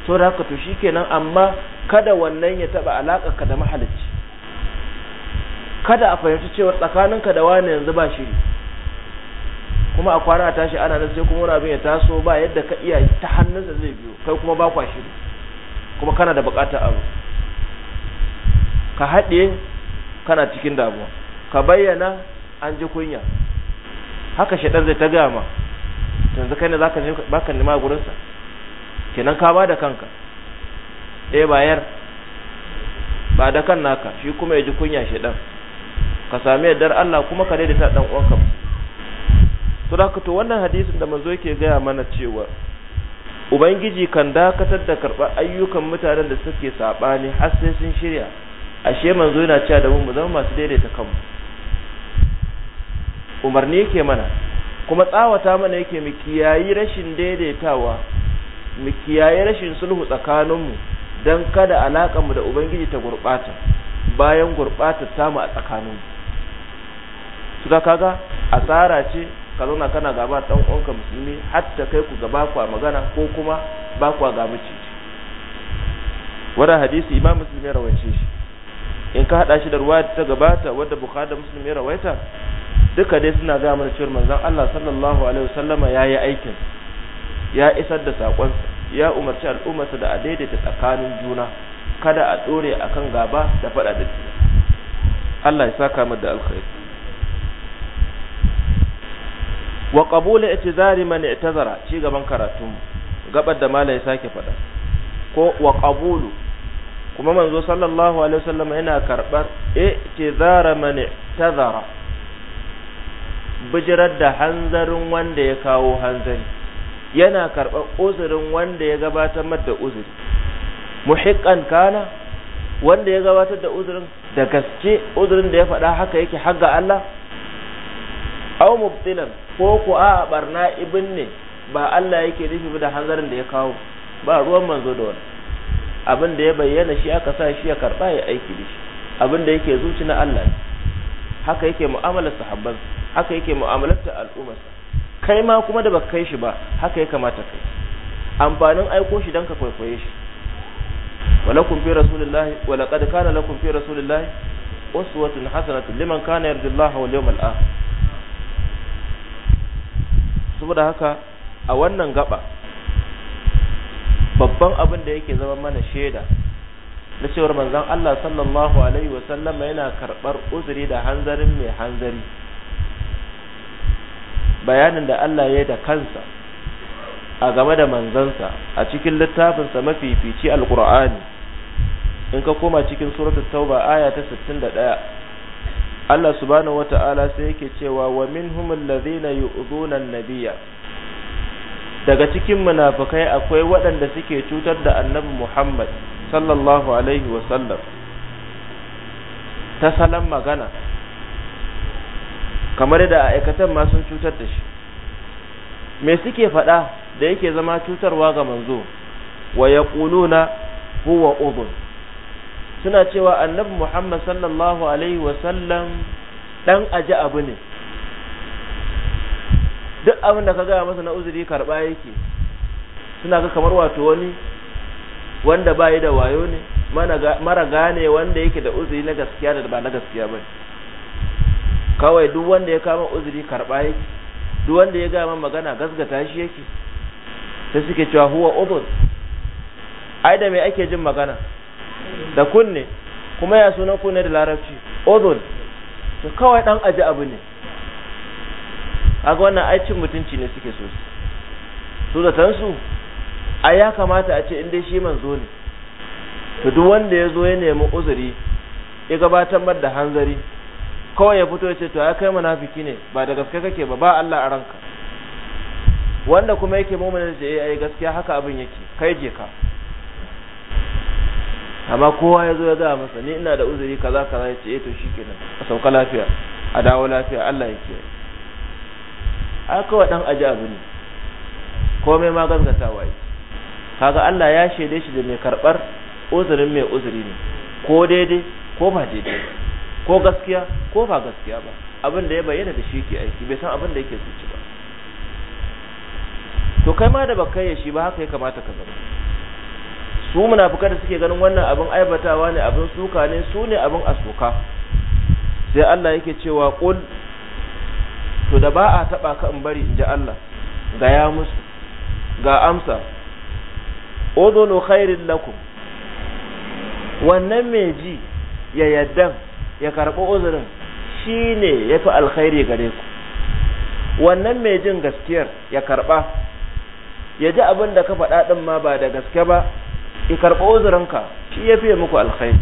to da haka to shi kenan amma kada wannan ya taɓa alaƙar ka da mahalicci kada a fahimci cewa tsakaninka da wani yanzu ba shiri kuma a kwana a tashi ana nan sai kuma wani abin ya taso ba yadda ka iya ta hannunsa zai biyo kai kuma ba kwa shiru kuma kana da bukatar abu ka haɗe kana cikin damuwa ka bayyana an ji kunya haka shaɗan zai ta gama yanzu kai ne za ka baka nema gurinsa kenan ka ba da kanka ɗaya eh, bayar ba da kan naka shi kuma ya ji kunya shaɗan ka sami yardar Allah kuma ka daidaita ɗan uwanka ka to wannan hadisin da manzo yake gaya mana cewa ubangiji kan dakatar da karɓar ayyukan mutanen da suke saɓani har sai sun shirya ashe manzo yana cewa da mu zama masu daidaita kanmu umarni yake mana kuma tsawata mana yake mu kiyayi rashin daidaitawa mu kiyayi rashin sulhu tsakaninmu don kada alaƙar mu da ubangiji ta gurɓata bayan gurɓata tamu a tsakaninmu su da kaga asara ce ka zauna kana gaba dan uwanka musulmi ta kai ku gaba kwa magana ko kuma ba kwa ga mucici wannan hadisi imam muslim ya rawaice shi in ka hada shi da ruwa ta gabata wadda bukhari da muslim ya rawaita duka dai suna ga mana cewa manzon Allah sallallahu alaihi wasallama yayi aikin ya isar da sakon ya umarci al'ummarsa da a daidaita tsakanin juna kada a dore akan gaba da fada da Allah ya saka mu da alkhairi wa qabula i'tizari man i'tazara ci gaban karatu gabar da malai ya sake fada ko wa qabulu kuma manzo sallallahu alaihi wasallam yana karbar i'tizara man i'tazara bijirar da hanzarin wanda ya kawo hanzari yana karbar uzurin wanda ya gabatar da uzuri muhiqqan kana wanda ya gabatar da uzurin da gaske uzurin da ya faɗa haka yake haga Allah aw mubtilan ko ku a barna ibn ne ba Allah yake nufi da hanzarin da ya kawo ba ruwan manzo da wani abin da ya bayyana shi aka sa shi ya karba ya aiki da shi abin da yake zuci na Allah ne haka yake mu'amalar sahabban haka yake mu'amalar al'umma kai ma kuma da baka kai shi ba haka ya kamata kai amfanin aiko shi dan ka kwaikwaye shi walakum fi rasulillahi wa laqad kana lakum fi rasulillahi uswatun hasanatun liman kana yarjullaha wal yawmal akhir saboda haka a wannan gaba babban abin da yake zama mana shaida na cewar manzan Allah sallallahu alaihi wasallama yana karɓar uzuri da hanzarin mai hanzari bayanin da Allah ya yi da kansa a game da manzansa a cikin littafinsa mafifici alkur'ani in ka koma cikin suratul tauba aya ta 61 Allah subhanahu wata'ala sai yake cewa wa minhum ladhina yu'dhuna an-nabiyya daga cikin munafikai akwai waɗanda suke cutar da annabi Muhammad sallallahu alaihi wa sallam ta salon magana kamar da aikatan ma sun cutar da shi me suke faɗa da yake zama cutarwa ga manzo wa yaquluna huwa udhun suna cewa annabi Muhammad sallallahu alaihi wasallam dan aji abu ne duk abin da ka gaya masa na uzuri karba yake suna ga kamar wato wani wanda bayi da wayo ne mara gane wanda yake da uzuri na gaskiya da ba na gaskiya ba kawai duk wanda ya kama uzuri karba yake duk wanda ya gaya magana gasgata shi yake sai suke cewa huwa uzur ai da me ake jin magana da kunne kuma ya sunan kunne da larabci odon to kawai dan aji abu ne kaga wannan cin mutunci ne suke so su da tansu a ya kamata a ce in dai shi manzo ne to duk wanda ya zo ya nemi uzuri ya gabatar da hanzari kawai ya fito ya ce to ya kai munafiki ne ba da gaske kake ba ba Allah a ranka wanda kuma yake mu'minin da eh, ai gaskiya haka abin yake kai je ka amma kowa ya zo ya zama masa ni ina da uzuri kaza kaza ya ce shi eh, to shikenan a sauka lafiya a dawo lafiya Allah ya kiyaye ai dan aji abu ne komai ma gaskatawa yake kaga Allah ya shaide shi da mai karbar uzurin mai uzuri ne ko daidai ko ba daidai ko gaskiya ko ba gaskiya ba abin da ya bayyana da shi ke aiki bai san abin da yake zuci ba to kai ma da baka yi shi ba haka ya kamata ka zama su munafuka da suke ganin wannan abin aibatawa ne abin suka ne su ne abin asuka sai Allah yake cewa qul to da ba a taba ka in bari in ji Allah ga ya musu ga amsa udunu khairin lakum wannan mai ji ya yadda ya karɓi uzurin shine yafi ya alkhairi gare ku wannan mai jin gaskiyar ya karɓa ya ji abin da ka faɗa din ma ba da gaske ba ki karɓo uzurinka shi ya fiye muku alkhairi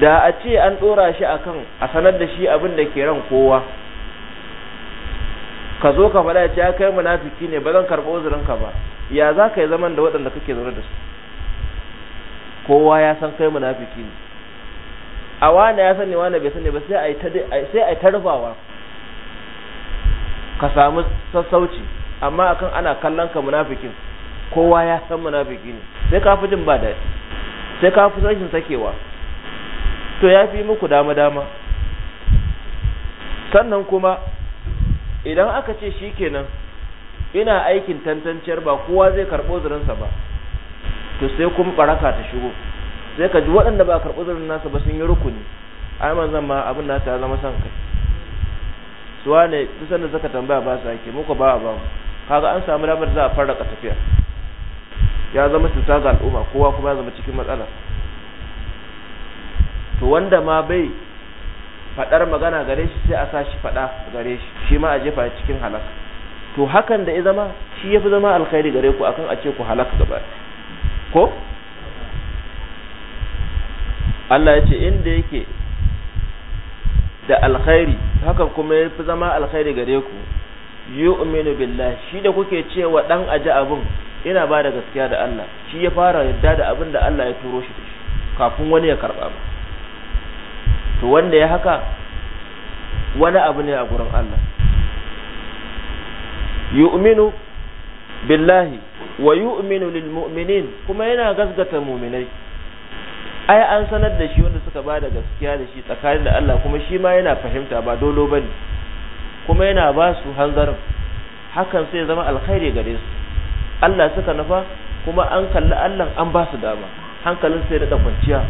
da a ce an ɗora shi a kan a sanar da shi abin da ke ran kowa ka zo ka faɗa ce ya kai munafiki ne ba zan karɓo uzurinka ba ya za ka yi zaman da waɗanda kake zaune da su kowa ya san kai munafiki ne a wane ya sani wane bai sani ba sai a yi ta rufawa ka samu sassauci amma akan ana kallon ka munafikin kowa ya san munafiki ne sai ka fi jin ba da sai ka fi rashin sakewa to ya fi muku dama dama sannan kuma idan aka ce shi kenan ina aikin tantanciyar ba kowa zai karɓo zurinsa ba to sai kuma baraka ta shigo sai ka ji waɗanda ba karɓo zurin nasa ba sun yi rukuni ai zan ma abin nasa ya zama son kai suwa ne kusan da zaka tambaya ba sa ake muku ba a ba mu kaga an samu damar za a farraka tafiya ya zama cuta ga al'umma kowa kuma ya zama cikin matsala to wanda ma bai fadar magana gare shi sai a sa shi fada gare shi shi ma a jefa cikin halaka to hakan da ya zama shi ya fi zama alkhairi gare ku akan a ce ku halaka gaba ko Allah ya ce inda yake da alkhairi hakan kuma ya fi zama alkhairi gare ku yu'minu billahi shi da kuke cewa dan aji abun yana ba da gaskiya da Allah shi ya fara yadda da abin da Allah ya turo shi kafin wani ya karba ba to wanda ya haka wani abu ne a gurin Allah yu'minu billahi wa yu'minu lil mu'minin kuma yana gaskata mu'minai ai an sanar da shi wanda suka ba da gaskiya da shi tsakanin da Allah kuma shi ma yana fahimta ba dolo bane kuma yana ba su hanzarin hakan sai zama alkhairi gare su Allah suka nufa kuma an kalli Allah an ba su dama hankalin sai da kwanciya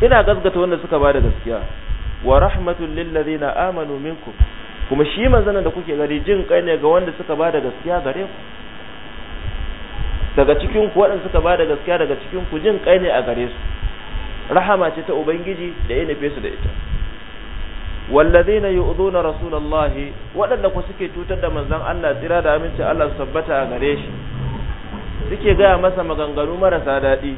ina gaskata wanda suka ba da gaskiya wa rahmatul lil ladina amanu minkum kuma shi manzanan da kuke gari jin kai ne ga wanda suka ba da gaskiya gare ku daga cikin ku suka ba da gaskiya daga cikin ku jin kai ne a gare su rahama ce ta ubangiji da yana fesu da ita wallazina yu'dhuna rasulallahi waɗanda ku suke cutar da manzon Allah tsira da aminci Allah su tabbata a gare shi suke gaya masa maganganu marasa dadi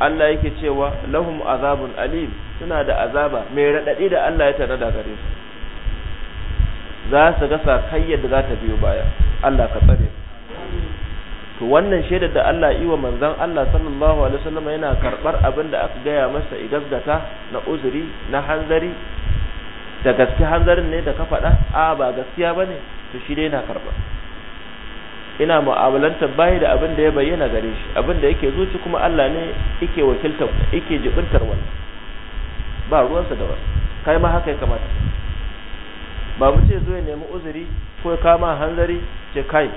Allah yake cewa lahum azabun alim suna da azaba mai raɗaɗi da Allah ya tare gare su za su ga sakayyar da za ta biyo baya Allah ka tsare to wannan shaidar da Allah yi wa manzon Allah sallallahu alaihi wasallam yana karbar abin da aka gaya masa idan gata na uzuri na hanzari da gaske hanzarin ne da ka faɗa a ba gaskiya ba ne to shi dai na karɓa ina mu'amalantar bayi da abin da ya bayyana gare shi abin da yake zuci kuma Allah ne yake wakiltar yake jibintar wannan ba ruwansa da wani kai ma haka ya kamata ba mu ce zo ya nemi uzuri ko ya kama hanzari ce kai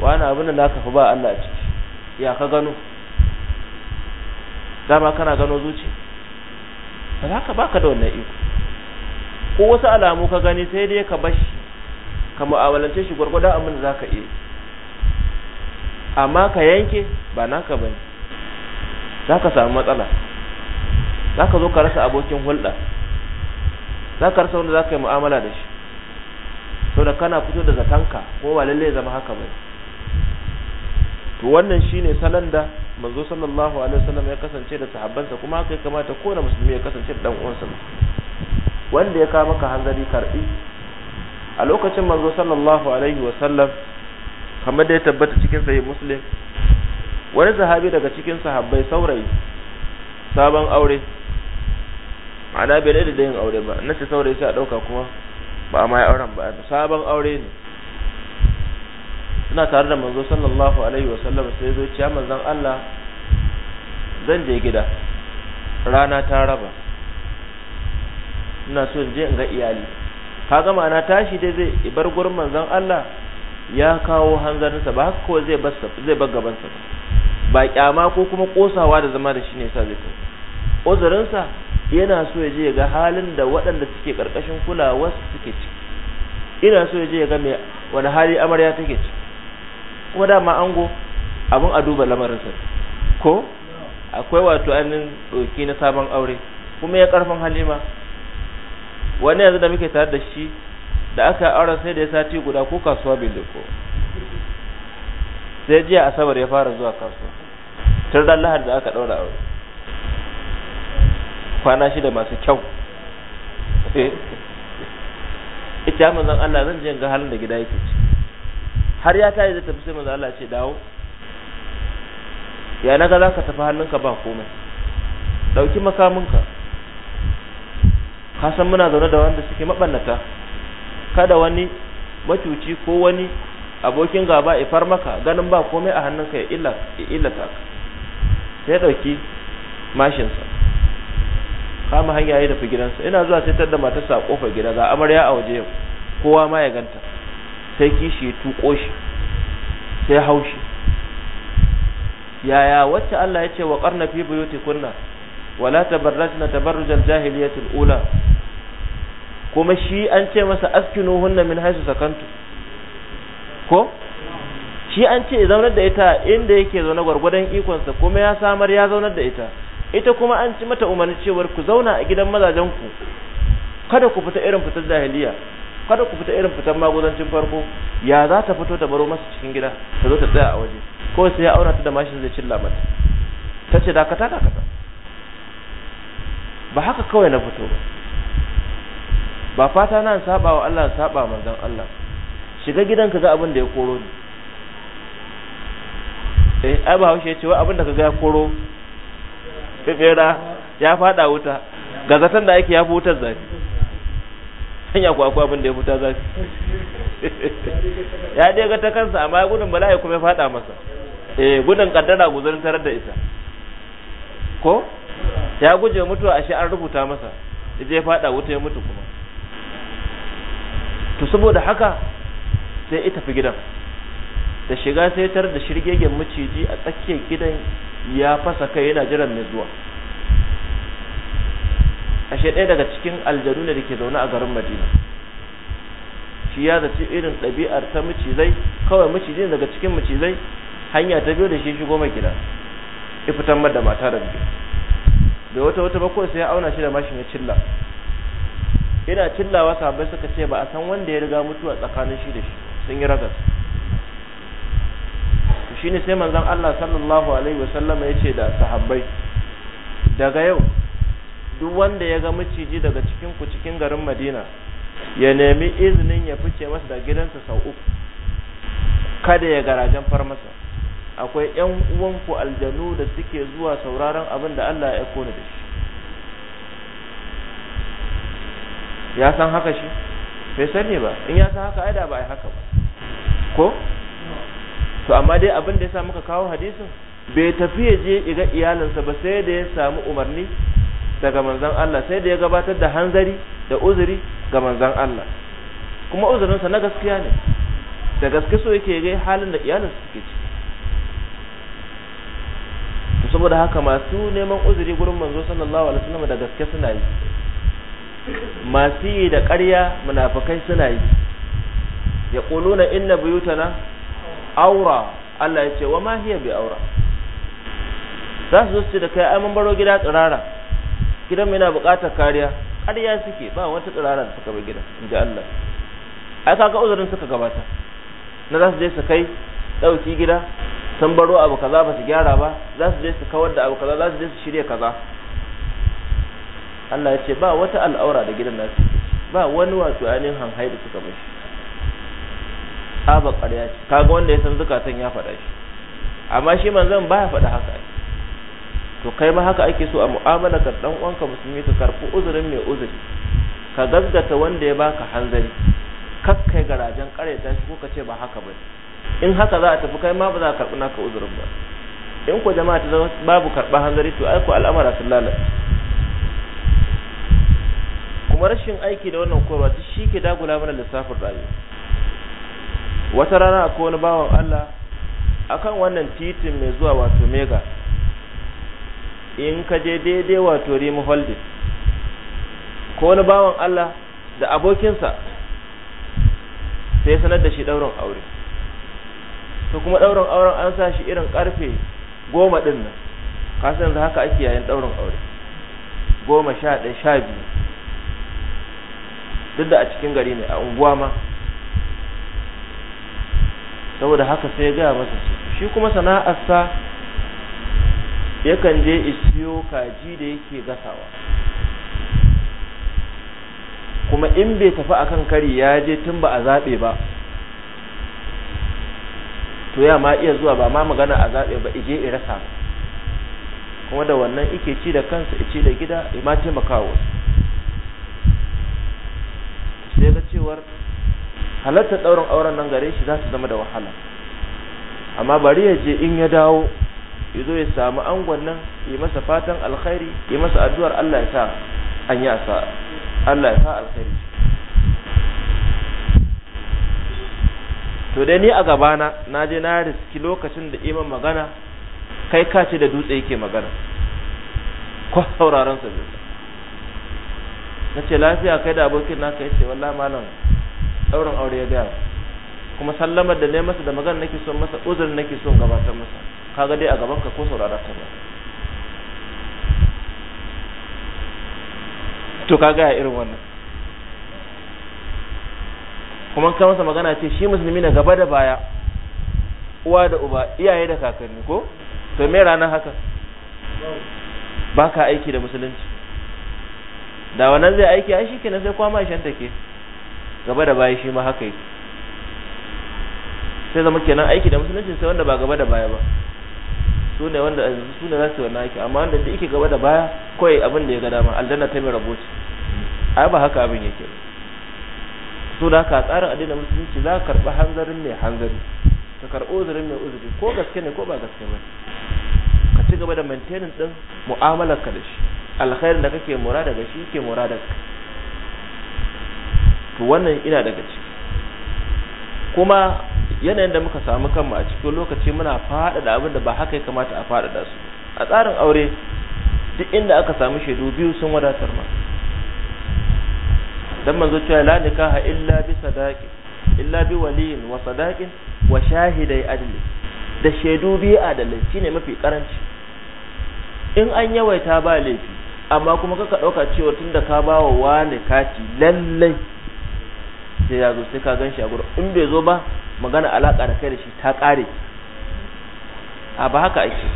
wani abin da naka fi ba Allah a ciki ya ka gano dama kana gano zuci ba za ka baka da wannan iko ko wasu alamu ka gani sai dai ka bashi ka mu'amalance shi gwargwada abin da za ka iya amma ka yanke ba naka bane za ka samu matsala za ka zo ka rasa abokin hulɗa za ka rasa wanda za ka yi mu'amala da shi sau da kana fito da zatanka ko ba lallai zama haka bane to wannan shi ne salon da manzo sallallahu alaihi wasallam ya kasance da sahabbansa kuma haka ya kamata kowane musulmi ya kasance da dan uwansa wanda ya kawo maka hanzari karbi a lokacin manzo sallallahu alaihi sallam kamar da ya tabbata cikin sahih muslim wani sahabi daga cikin sahabbai saurayi sabon aure ma'ana bai daidai da yin aure ba na ce saurayi sai a ɗauka kuma ba a mai auren ba sabon aure ne suna tare da manzo sallallahu alaihi wa sallam sai zo ciya manzon Allah zan je gida rana ta raba ina so in je in ga iyali kaga ma'ana tashi dai zai ibar gurin manzon Allah ya kawo hanzarinsa ba haka kawai zai bar zai bar gabansa ba kyama ko kuma kosawa da zama da shi ne sa zai kai sa yana so ya je ya ga halin da waɗanda suke karkashin kulawa suke ciki ina so ya je ya ga me wani hali amarya take ciki kuma dama ango abin a duba lamarinsa ko akwai wato anin doki na sabon aure kuma ya karfin halima wani yanzu da muke tare da shi da aka aure sai da ya sati guda ko kasuwa bai leko sai jiya asabar ya fara zuwa kasuwa tun ran lahar da aka daura aure kwana shi da masu kyau <laughs> ita zan Allah zan je ga halin da gida yake ci har ya tayi zai tafi sai manzon Allah ce dawo ya naga zaka tafi hannunka ba komai dauki makaminka hasan muna zaune da wanda suke mabannata kada wani macuci ko wani abokin gaba ya far maka ganin ba komai a hannunka ya illa ta sai ɗauki mashinsa kama hanya ya tafi gidansa ina zuwa sai da mata sa kofar gida ga amarya a waje kowa ma ya ganta sai kishi ya tuko shi sai haushi yaya wacce Allah ya ce wa qarna fi kunna wala tabarrajna al-jahiliyyah al ula kuma shi an ce masa askinu hunna min haisu sakantu ko shi an ce zaunar da ita inda yake zaune gwargwadon ikonsa kuma ya samar ya zaunar da ita ita kuma an ci mata umarni cewar ku zauna a gidan mazajen ku kada ku fita irin fitar jahiliya kada ku fita irin fitar magudancin farko ya za ta fito ta baro masa cikin gida ta zo ta tsaya a waje ko sai ya aura ta da mashin zai cilla mata ta ce dakata dakata ba haka kawai na fito ba ba fata na saba wa Allah saba manzon Allah shiga gidanka ga abin da ya koro ni eh ai ba haushe ce wa abin da kaga ya koro fefera ya fada wuta ga zaton da yake ya fi wutar zafi hanya ku akwai abin da ya fita zafi <laughs> ya dai ga ta kansa amma gudun bala'i kuma ya fada masa eh gudun kaddara guzarin tarar da ita ko ya guje mutuwa ashe an rubuta masa yaje ya fada wuta ya mutu kuma to saboda haka sai ita fi gidan da shiga sai tar da shirgegen maciji a tsakiyar gidan ya fasa kai yana jiran mai zuwa ashe ɗaya daga cikin aljanu ne da ke zaune a garin madina shi ya zaci irin ɗabi'ar ta macizai kawai macizai daga cikin macizai hanya ta biyu da shi shigo mai gida ifitan fitan da mata da biyu da wata wata bakwai sai ya auna shi da mashin ya cilla ina cillawa sahabbai suka ce ba a san wanda ya riga mutuwa tsakanin shi da shi sun yi ragas ne sai manzon Allah sallallahu alaihi wasallama ce da sahabbai daga yau duk wanda ya ga maciji daga cikin ku cikin garin Madina ya nemi izinin ya fice masa da gidansa sau uku kada ya garajen far masa akwai ƴan uwanku aljanu da suke zuwa sauraron abin da Allah ya aiko da shi ya san haka shi bai sani ba in ya san haka ai da ba ai haka ba ko to amma dai abin da ya sa muka kawo hadisin bai tafi ya je iga ga iyalinsa ba sai da ya samu umarni daga manzon Allah sai da ya gabatar da hanzari da uzuri ga manzan Allah kuma uzurinsa na gaskiya ne da gaske so yake ga halin da iyalinsa suke ci saboda haka masu neman uzuri gurin manzo sallallahu alaihi wasallam da gaske suna yi masu yi da ƙarya munafikai suna yi ya quluna inna buyutana aura Allah ya ce wa ma hiya bi aura za su ce da kai ai mun baro gida tsirara gidan mai yana buƙatar kariya ƙarya suke ba wata tsirara da suka bar gida inji Allah ai kaga uzurin suka gabata na za su je su kai dauki gida sun baro abu kaza ba su gyara ba za su je su kawar da abu kaza za su je su shirya kaza Allah ya ce ba wata al'aura da gidan nasu ba wani wato ainihin hanhai da suka mashi tsaba ƙarya ce kaga wanda ya san zukatan ya faɗa shi amma shi manzon ba ya faɗa haka to kai ma haka ake so a mu'amala ka dan uwanka musulmi ka karɓi uzurin mai uzuri ka gaggata wanda ya baka hanzari kakkai garajen ta shi ko ka ce ba haka ba in haka za a tafi kai ma ba za a karɓi naka uzurin ba in ko jama'a ta zama babu karɓar hanzari to ai ko al'amara sun lalace kuma rashin aiki da wannan koyarwa ta shi ke dagula mana lissafin rayuwa wata rana a wani bawan Allah akan wannan titin mai zuwa wato mega in ka je daidai wato rimu holding ko wani bawan Allah da abokinsa sai sanar da shi ɗaurin aure to kuma ɗaurin auren an sa shi irin ƙarfe goma ɗin nan kasan yanzu haka ake yayin ɗaurin aure goma sha ɗaya sha biyu duk da a cikin gari ne a unguwa ma saboda haka sai ya gaya masa shi kuma sana'arsa yakan je isiyo kaji da yake gasawa kuma in bai tafi akan kari ya je tun ba a zaɓe ba to ya ma iya zuwa ba ma magana a zaɓe ba ije i rasa kuma da wannan ike ci da kansa ice da gida ya ma taimaka wasu sai ga cewar halatta ɗaurin auren nan gare shi za su zama da wahala amma bari ya je in ya dawo ya zo ya samu angon nan ya masa fatan alkhairi ya masa addu'ar Allah ya sa an yi asa Allah ya sa alkhairi to dai ni a gabana na je na riski lokacin da iman magana kai ka ce da dutse yake magana ko sauraron sa na ce lafiya kai da abokin naka yace wallahi malam sauran aure ya gaya kuma sallamar da ne masa da magana nake son masa uzur nake son gabatar masa kaga dai a gaban ka ko saurara ta ba to kaga irin wannan kuma ka masa magana ce shi musulmi na gaba da baya uwa da uba iyaye da kakanni ko to me ranar haka ba ka aiki da musulunci da wannan zai aiki ai shikenan sai kwama shan take gaba da baya shi ma haka yake sai zama kenan aiki da musulunci sai wanda ba gaba da baya ba su ne wanda su ne za su wannan aiki amma wanda da yake gaba da baya kawai abin da ya ga dama aljanna ta mai ce ai ba haka abin yake ba so da ka tsarin addinin musulunci za ka karɓi hanzarin mai hanzari ka karɓi uzurin mai uzuri ko gaske ne ko ba gaske ba ka ci gaba da maintenance din mu'amalar ka da shi alkhairin da kake mura daga shi ke mura ka to wannan ina daga ciki kuma yanayin da muka samu kanmu a cikin lokaci muna da abin da ba haka ya kamata a da su a tsarin aure duk inda aka samu shaidu biyu sun wadatar ma dan manzo cewa la nikaha illa bi sadaqi illa bi waliyin wa sadaqin wa shahidai adli da shaidu biyu adalai shine mafi karanci in an yawaita ba laifi amma kuma kaka dauka cewa tunda ka bawa wani kati lallai sai ya zo sai ka ganshi a gurin in bai zo ba magana alaka da kai da shi ta kare a ba haka ake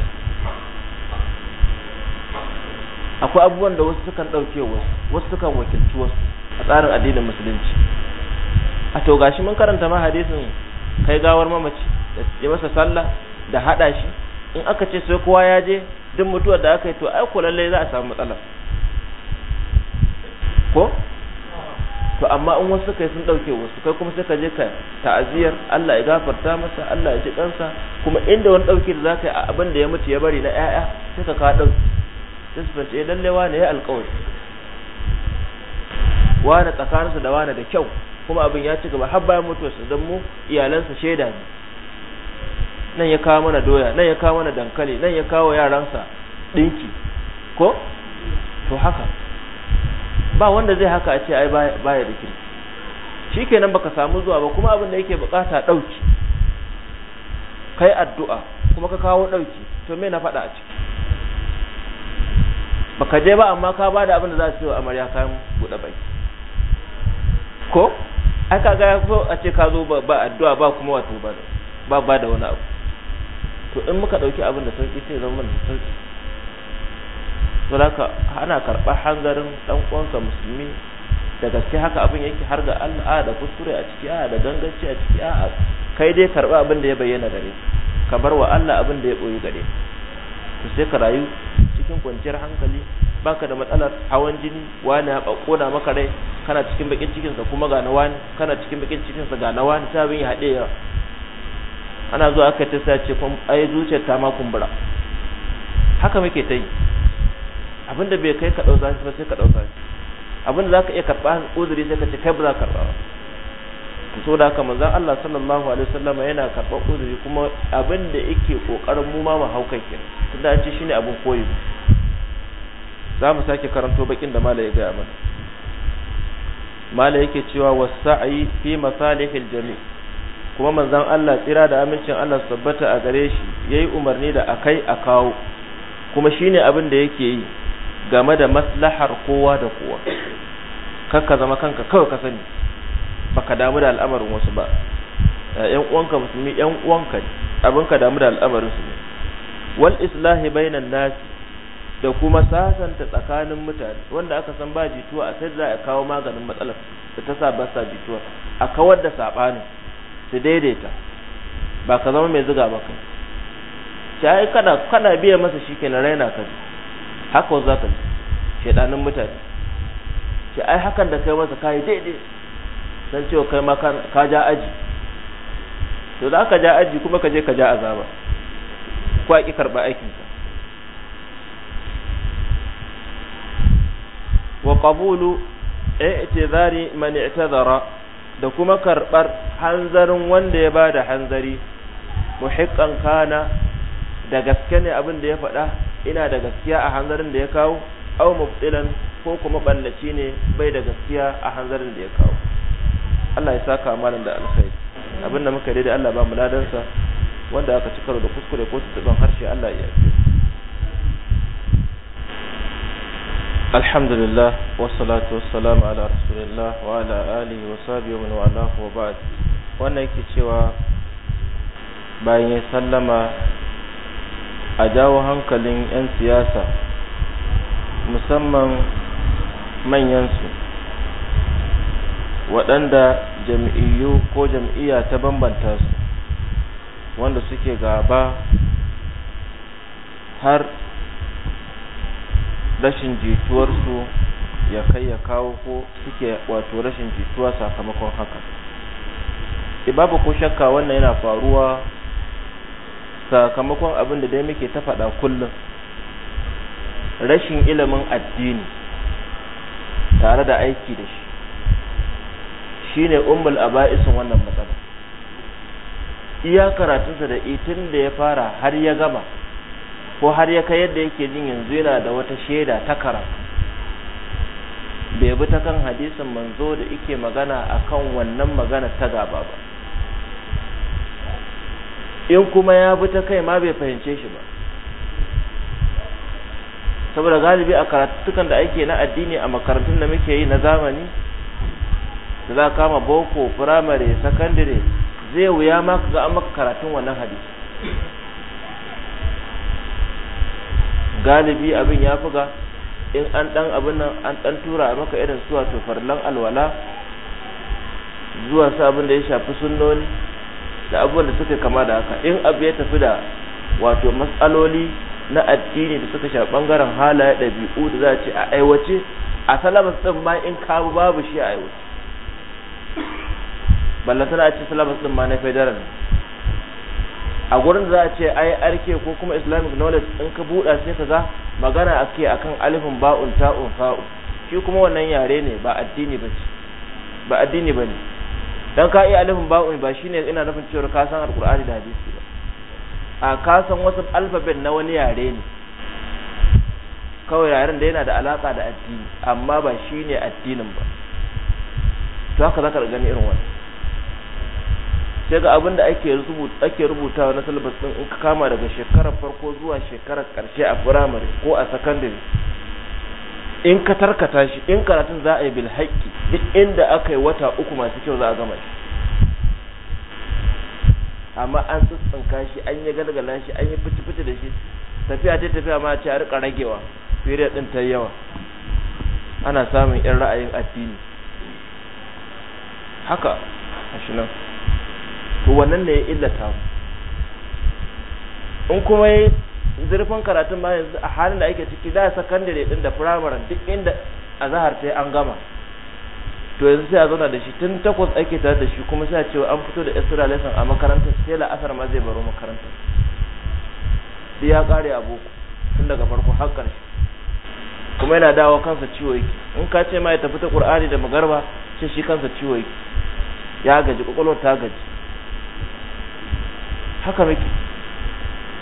akwai abubuwan da wasu sukan dauke wasu wasu sukan wakilci wasu a tsarin addinin musulunci a to gashi mun karanta ma hadisin kai gawar mamaci da ya masa sallah da hada shi in aka ce sai kowa ya je duk mutuwar da aka yi to ai ko lalle za a samu matsala ko to amma in wasu kai sun dauke wasu kai kuma sai ka je ka ta'aziyar Allah ya gafarta masa Allah ya ji kansa kuma inda wani dauke da zaka yi a abin da ya mutu ya bari na yaya sai ka ka dauke sai su eh, lalle ne ya alƙawari wane tsakaninsa da wane da kyau kuma abin ya ci gaba har bayan mutuwarsa don mu iyalansa shaida ne nan ya kawo mana doya nan ya kawo mana dankali nan ya kawo yaransa dinki ko to haka ba wanda zai haka a ce ai baya da kirki shikenan baka samu zuwa ba kuma abin da yake bukata dauki kai addu'a kuma ka kawo dauki to me na faɗa a ciki baka je ba amma ka bada abin da za su yi wa amarya kayan buɗe baki ko aka ga ko a ce ka zo ba addu'a ba kuma wato ba ba ba da wani abu to in muka dauki abin da sauki sai zama da sauki to haka ana karɓar hangarin dan uwanka musulmi da gaske haka abin yake har ga Allah da kuskure a ciki a da dangance a ciki a kai dai karba abin da ya bayyana gare ka bar wa Allah abin da ya boye gare to sai ka rayu cikin kwanciyar hankali baka da matsalar hawan jini wani ya koda maka rai kana cikin bakin cikin sa kuma ga wani kana cikin bakin cikin sa ga wani ta bin ya hade ya ana zuwa aka ta sace kun ai zuciyar ta ma kumbura haka muke ta yi abinda bai kai ka dau zafi ba sai ka dau zafi abinda zaka iya karba uzuri sai ka ce kai ba za ka karba ba to da haka manzon Allah sallallahu alaihi wasallam yana karba uzuri kuma abinda yake kokarin mu ma mu haukan kin tunda an ce shine abin koyi za mu sake karanto bakin da mala ya gaya mana mala yake cewa wasa'i fi masalihil jami' kuma manzon Allah tsira da amincin Allah su tabbata a gare shi yayi umarni da akai a kawo kuma shine abin da yake yi game da maslahar kowa da kowa kakka zama kanka kawai ka sani baka damu da al'amarin wasu ba eh, yan uwanka musulmi yan uwanka abin ka damu da al'amarin su ne wal islahi bainan nasi da kuma sasanta tsakanin mutane wanda aka san ba jituwa a sai za a kawo maganin matsalar da ta sa ba sa jituwa a kawar da sabanin su daidaita ba ka zama mai zuga ba kai shi ai kana kana biya masa shikenan raina ka ji haka za ka ji shedanin mutane shi ai hakan da kai masa kai daidai san cewa kai ma ka ja aji to za ka ja aji kuma ka je ka ja azaba ko a ki karba aikinka wa qabulu i'tizari man i'tazara da kuma karbar hanzarin wanda ya bada hanzari muhiqqan kana da gaske ne abin da ya faɗa ina da gaskiya a hanzarin da ya kawo aw mubtilan ko kuma ballaci ne bai da gaskiya a hanzarin da ya kawo Allah ya saka malam da alkhair abinda muka daidai Allah ba mu ladansa wanda aka cikar da kuskure ko tuntuban harshe Allah ya yi الحمد لله والصلاة والسلام على رسول الله وعلى آله وصحبه ومن والاه وبعد yake cewa bayan ya sallama a jawo hankalin 'yan siyasa musamman manyansu waɗanda jam'iyyu ko jam'iyya ta bambanta su wanda suke gaba har rashin jituwarsu ya kai ya kawo ko suke wato rashin jituwa sakamakon haka eh, babu ko shakka wannan yana faruwa sakamakon abin da dai muke ta faɗa kullum rashin ilimin addini tare da aiki da shi shine a aba'isin wannan matsala iya karatunsa da itin da ya fara har ya gama ko har ya kai yadda yake jin yanzu yana da wata shaida ta karam bai bi ta kan hadisin manzo da yake magana akan wannan magana ta gaba ba in kuma ya bi ta kai ma bai fahimce shi ba saboda galibi a karatukan da ake na addini a makarantun da muke yi na zamani da za kama boko firamare sakandare zai wuya ma ga an maka karatun wannan hadisi galibi abin ya fuga ga in an dan abin nan an dan tura maka irin su wato farlan alwala zuwa su abin da ya shafi sunnoni da abubuwan da suka kama da haka in abu ya tafi da wato matsaloli na addini da suka shafi bangaren halaye ɗabi'u da za a ce a aiwace a salabas ɗin ma in kawo babu shi a aiwace ballantana a ce salabas ɗin ma na federal a gurin za a ce ai arke ko kuma islamic knowledge in ka buɗa sai ka ga magana ake akan alifin ba'un ta'un fa'u shi kuma wannan yare ne ba addini ba ba addini ba ne don ka iya alifin ba'un ba shine ina nufin cewar ka san alkur'ani da hadisi ba a ka san wasu alfabet na wani yare ne kawai yaren da yana da alaka da addini amma ba shine addinin ba to haka zaka gani irin wannan sai ga abin da ake rubuta ake rubutawa na syllabus din in ka kama daga shekarar farko zuwa shekarar karshe a primary ko a secondary in ka tarkata shi in karatun za a yi bil haqqi duk inda aka yi wata uku masu kyau za a gama shi amma an tsintsinka shi an yi galgala shi an yi fice-fice da shi tafiya ta tafiya ma ce a rika ragewa period din ta yawa ana samun yan ra'ayin addini haka a shi nan to wannan ne ya illata mu in kuma yi zurfin karatun ma yanzu a halin da ake ciki da sakandare din da firamare duk inda a zahar ta an gama to yanzu sai a zauna da shi tun takwas ake tare da shi kuma sai a cewa an fito da extra lesson a makarantar sai la'asar ma zai baro makarantar duk ya kare a boko tun daga farko har ƙarshe kuma yana dawo kansa ciwo yake in ka ce ma ya tafi ta qur'ani da magarba ce shi kansa ciwo yake ya gaji kwakwalwar ta gaji haka muke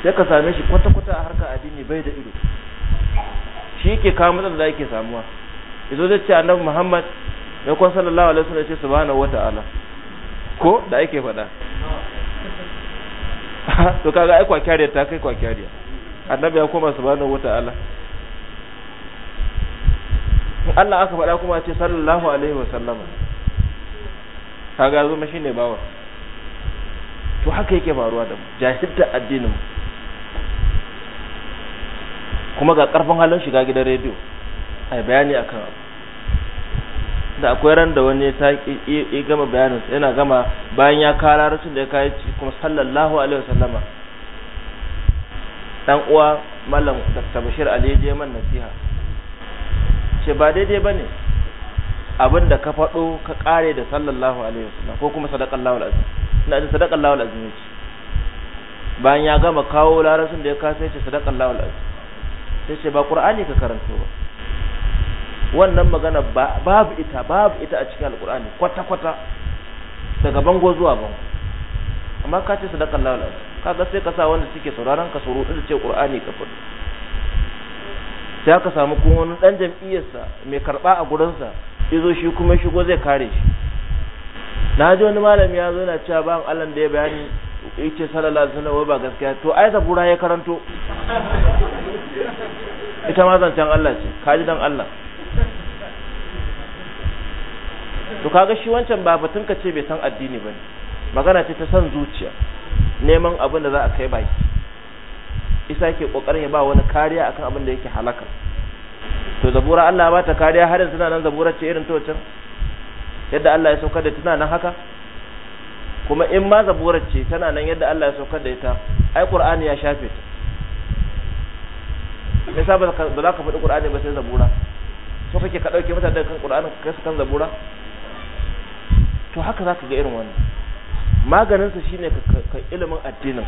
sai ka same shi kwata-kwata a harkar addini bai da ido shi ke kawo matsalar da yake samuwa izo zai ce annabi muhammad ya kwan sallallahu alaihi wasallam ce su wata ala ko da ake faɗa <laughs> to kaga ai kwakiyariya ta kai kwakiyariya annabi ya koma su wata ala in Allah aka faɗa kuma ce sallallahu alaihi wasallama kaga zo mashi ne bawa to haka yake faruwa da mu jahilta addinin mu kuma ga karfin halin shiga gidan rediyo ai bayani akan da akwai ran da wani ta yi gama bayanin yana gama bayan ya kara rasul da ya kai kuma sallallahu alaihi wasallama dan uwa mallam Dr. Bashir Ali je man nasiha ce ba daidai bane abinda ka fado ka kare da sallallahu alaihi wasallam ko kuma sadaqallahu alazim ina jin sadakar lawal azumi ce bayan ya gama kawo larasin da ya kasa ya ce sadakar lawal azumi sai ce ba ƙur'ani ka karanto ba wannan magana babu ita babu ita a cikin Alƙur'ani kwata kwata daga bango zuwa bango amma ka ce sadakar lawal ka ga sai ka sa wanda suke sauraron ka suru da ce ƙur'ani ka fito sai ka samu kuma wani ɗan jam'iyyarsa mai karɓa a gurinsa izo shi kuma shigo zai kare shi na ji wani malami ya zo na cewa ban Allah da ya bayani yace sallallahu alaihi wasallam ba gaskiya to ai zabura ya karanto ita ma zancen Allah ce kaji dan Allah to kaga shi wancan ba batun ka ce bai san addini bane magana ce ta san zuciya neman abin da za a kai baki isa yake kokarin ya ba wani kariya akan abin da yake halaka to zabura Allah ba ta kariya harin suna nan zabura ce irin to can yadda Allah ya saukar da tana nan haka kuma in ma zaburar ce tana nan yadda Allah ya saukar da ita ai qur'ani ya shafe ta me yasa ba za ka faɗi qur'ani ba sai zabura so kake ka dauke mata daga kan qur'ani ka kai kan zabura to haka za ka ga irin wannan maganin sa shine ka ilimin addinin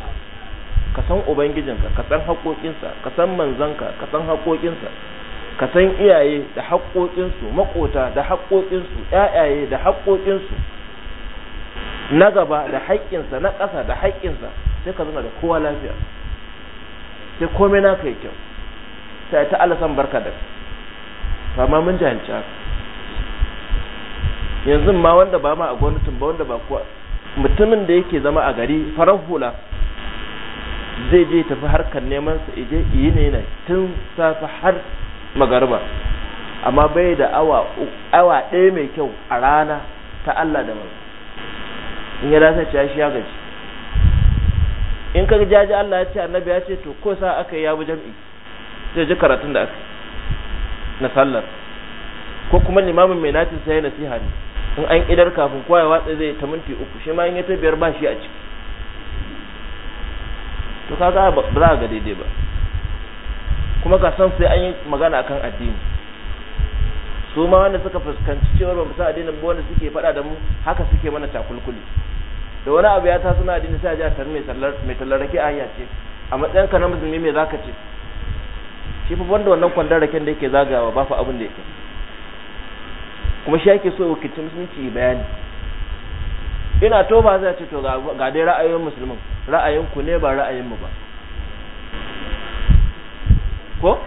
ka san ubangijinka ka san haƙoƙinsa ka san manzanka ka san haƙoƙinsa ka san iyaye da haƙoƙinsu maƙota da haƙoƙinsu ƴaƴaye da haƙoƙinsu na gaba da haƙƙinsa na ƙasa da haƙƙinsa sai ka zuna da kowa lafiya sai komai na kai kyau sai ta Allah san barka da ba ma mun jahanci haka yanzu ma wanda ba ma a gwamnatin ba wanda ba kuwa mutumin da yake zama a gari farar hula zai je tafi harkar neman sa ije yi ne tun safe har magarba amma bai da awa ɗaya mai kyau a rana ta Allah da mai in ya dace ya shi ya gaji in ka jaji Allah ya ce annabi ya ce to ko sa aka yi ya jam'i zai ji karatun da aka na sallar ko kuma limamin mai natin sai nasiha ne in an idar kafin kwaya ya watsa zai ta minti uku shi ma in ya ta biyar ba shi a ciki to kaga ba za ga daidai ba kuma ka san sai an yi magana akan addini su ma wanda suka fuskanci cewar ba mu san addinin ba wanda suke faɗa da mu haka suke mana takulkuli da wani abu ya taso na addini sai a ji a tarmi mai tallar rake a hanya ce a matsayin ka na musulmi me zaka ce shi fa wanda wannan kwandon raken da yake zagawa ba fa abin da yake kuma shi yake so ya wakilci musulunci bayani ina to ba a ce to ga dai ra'ayoyin musulmin ra'ayinku ne ba ra'ayinmu ba ko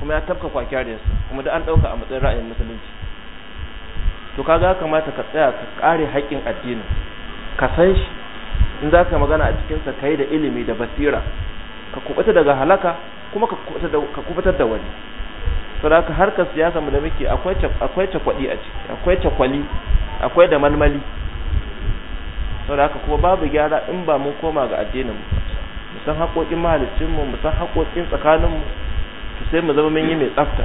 kuma ya tafka kwakiya da yasa kuma da an ɗauka a matsayin ra'ayin musulunci to kaga kamata ka tsaya ka kare haƙƙin addinin ka san shi in za ka magana a cikinsa ka yi da ilimi da basira ka kubuta daga halaka kuma ka kubutar da wani saboda harkar siyasa mu da muke akwai cakwadi a ciki akwai cakwali akwai da malmali saboda kuma babu gyara in ba mun koma ga addinin mu mu san haƙoƙin mahaliccinmu mu san haƙoƙin tsakaninmu to sai mu zama mun yi mai tsafta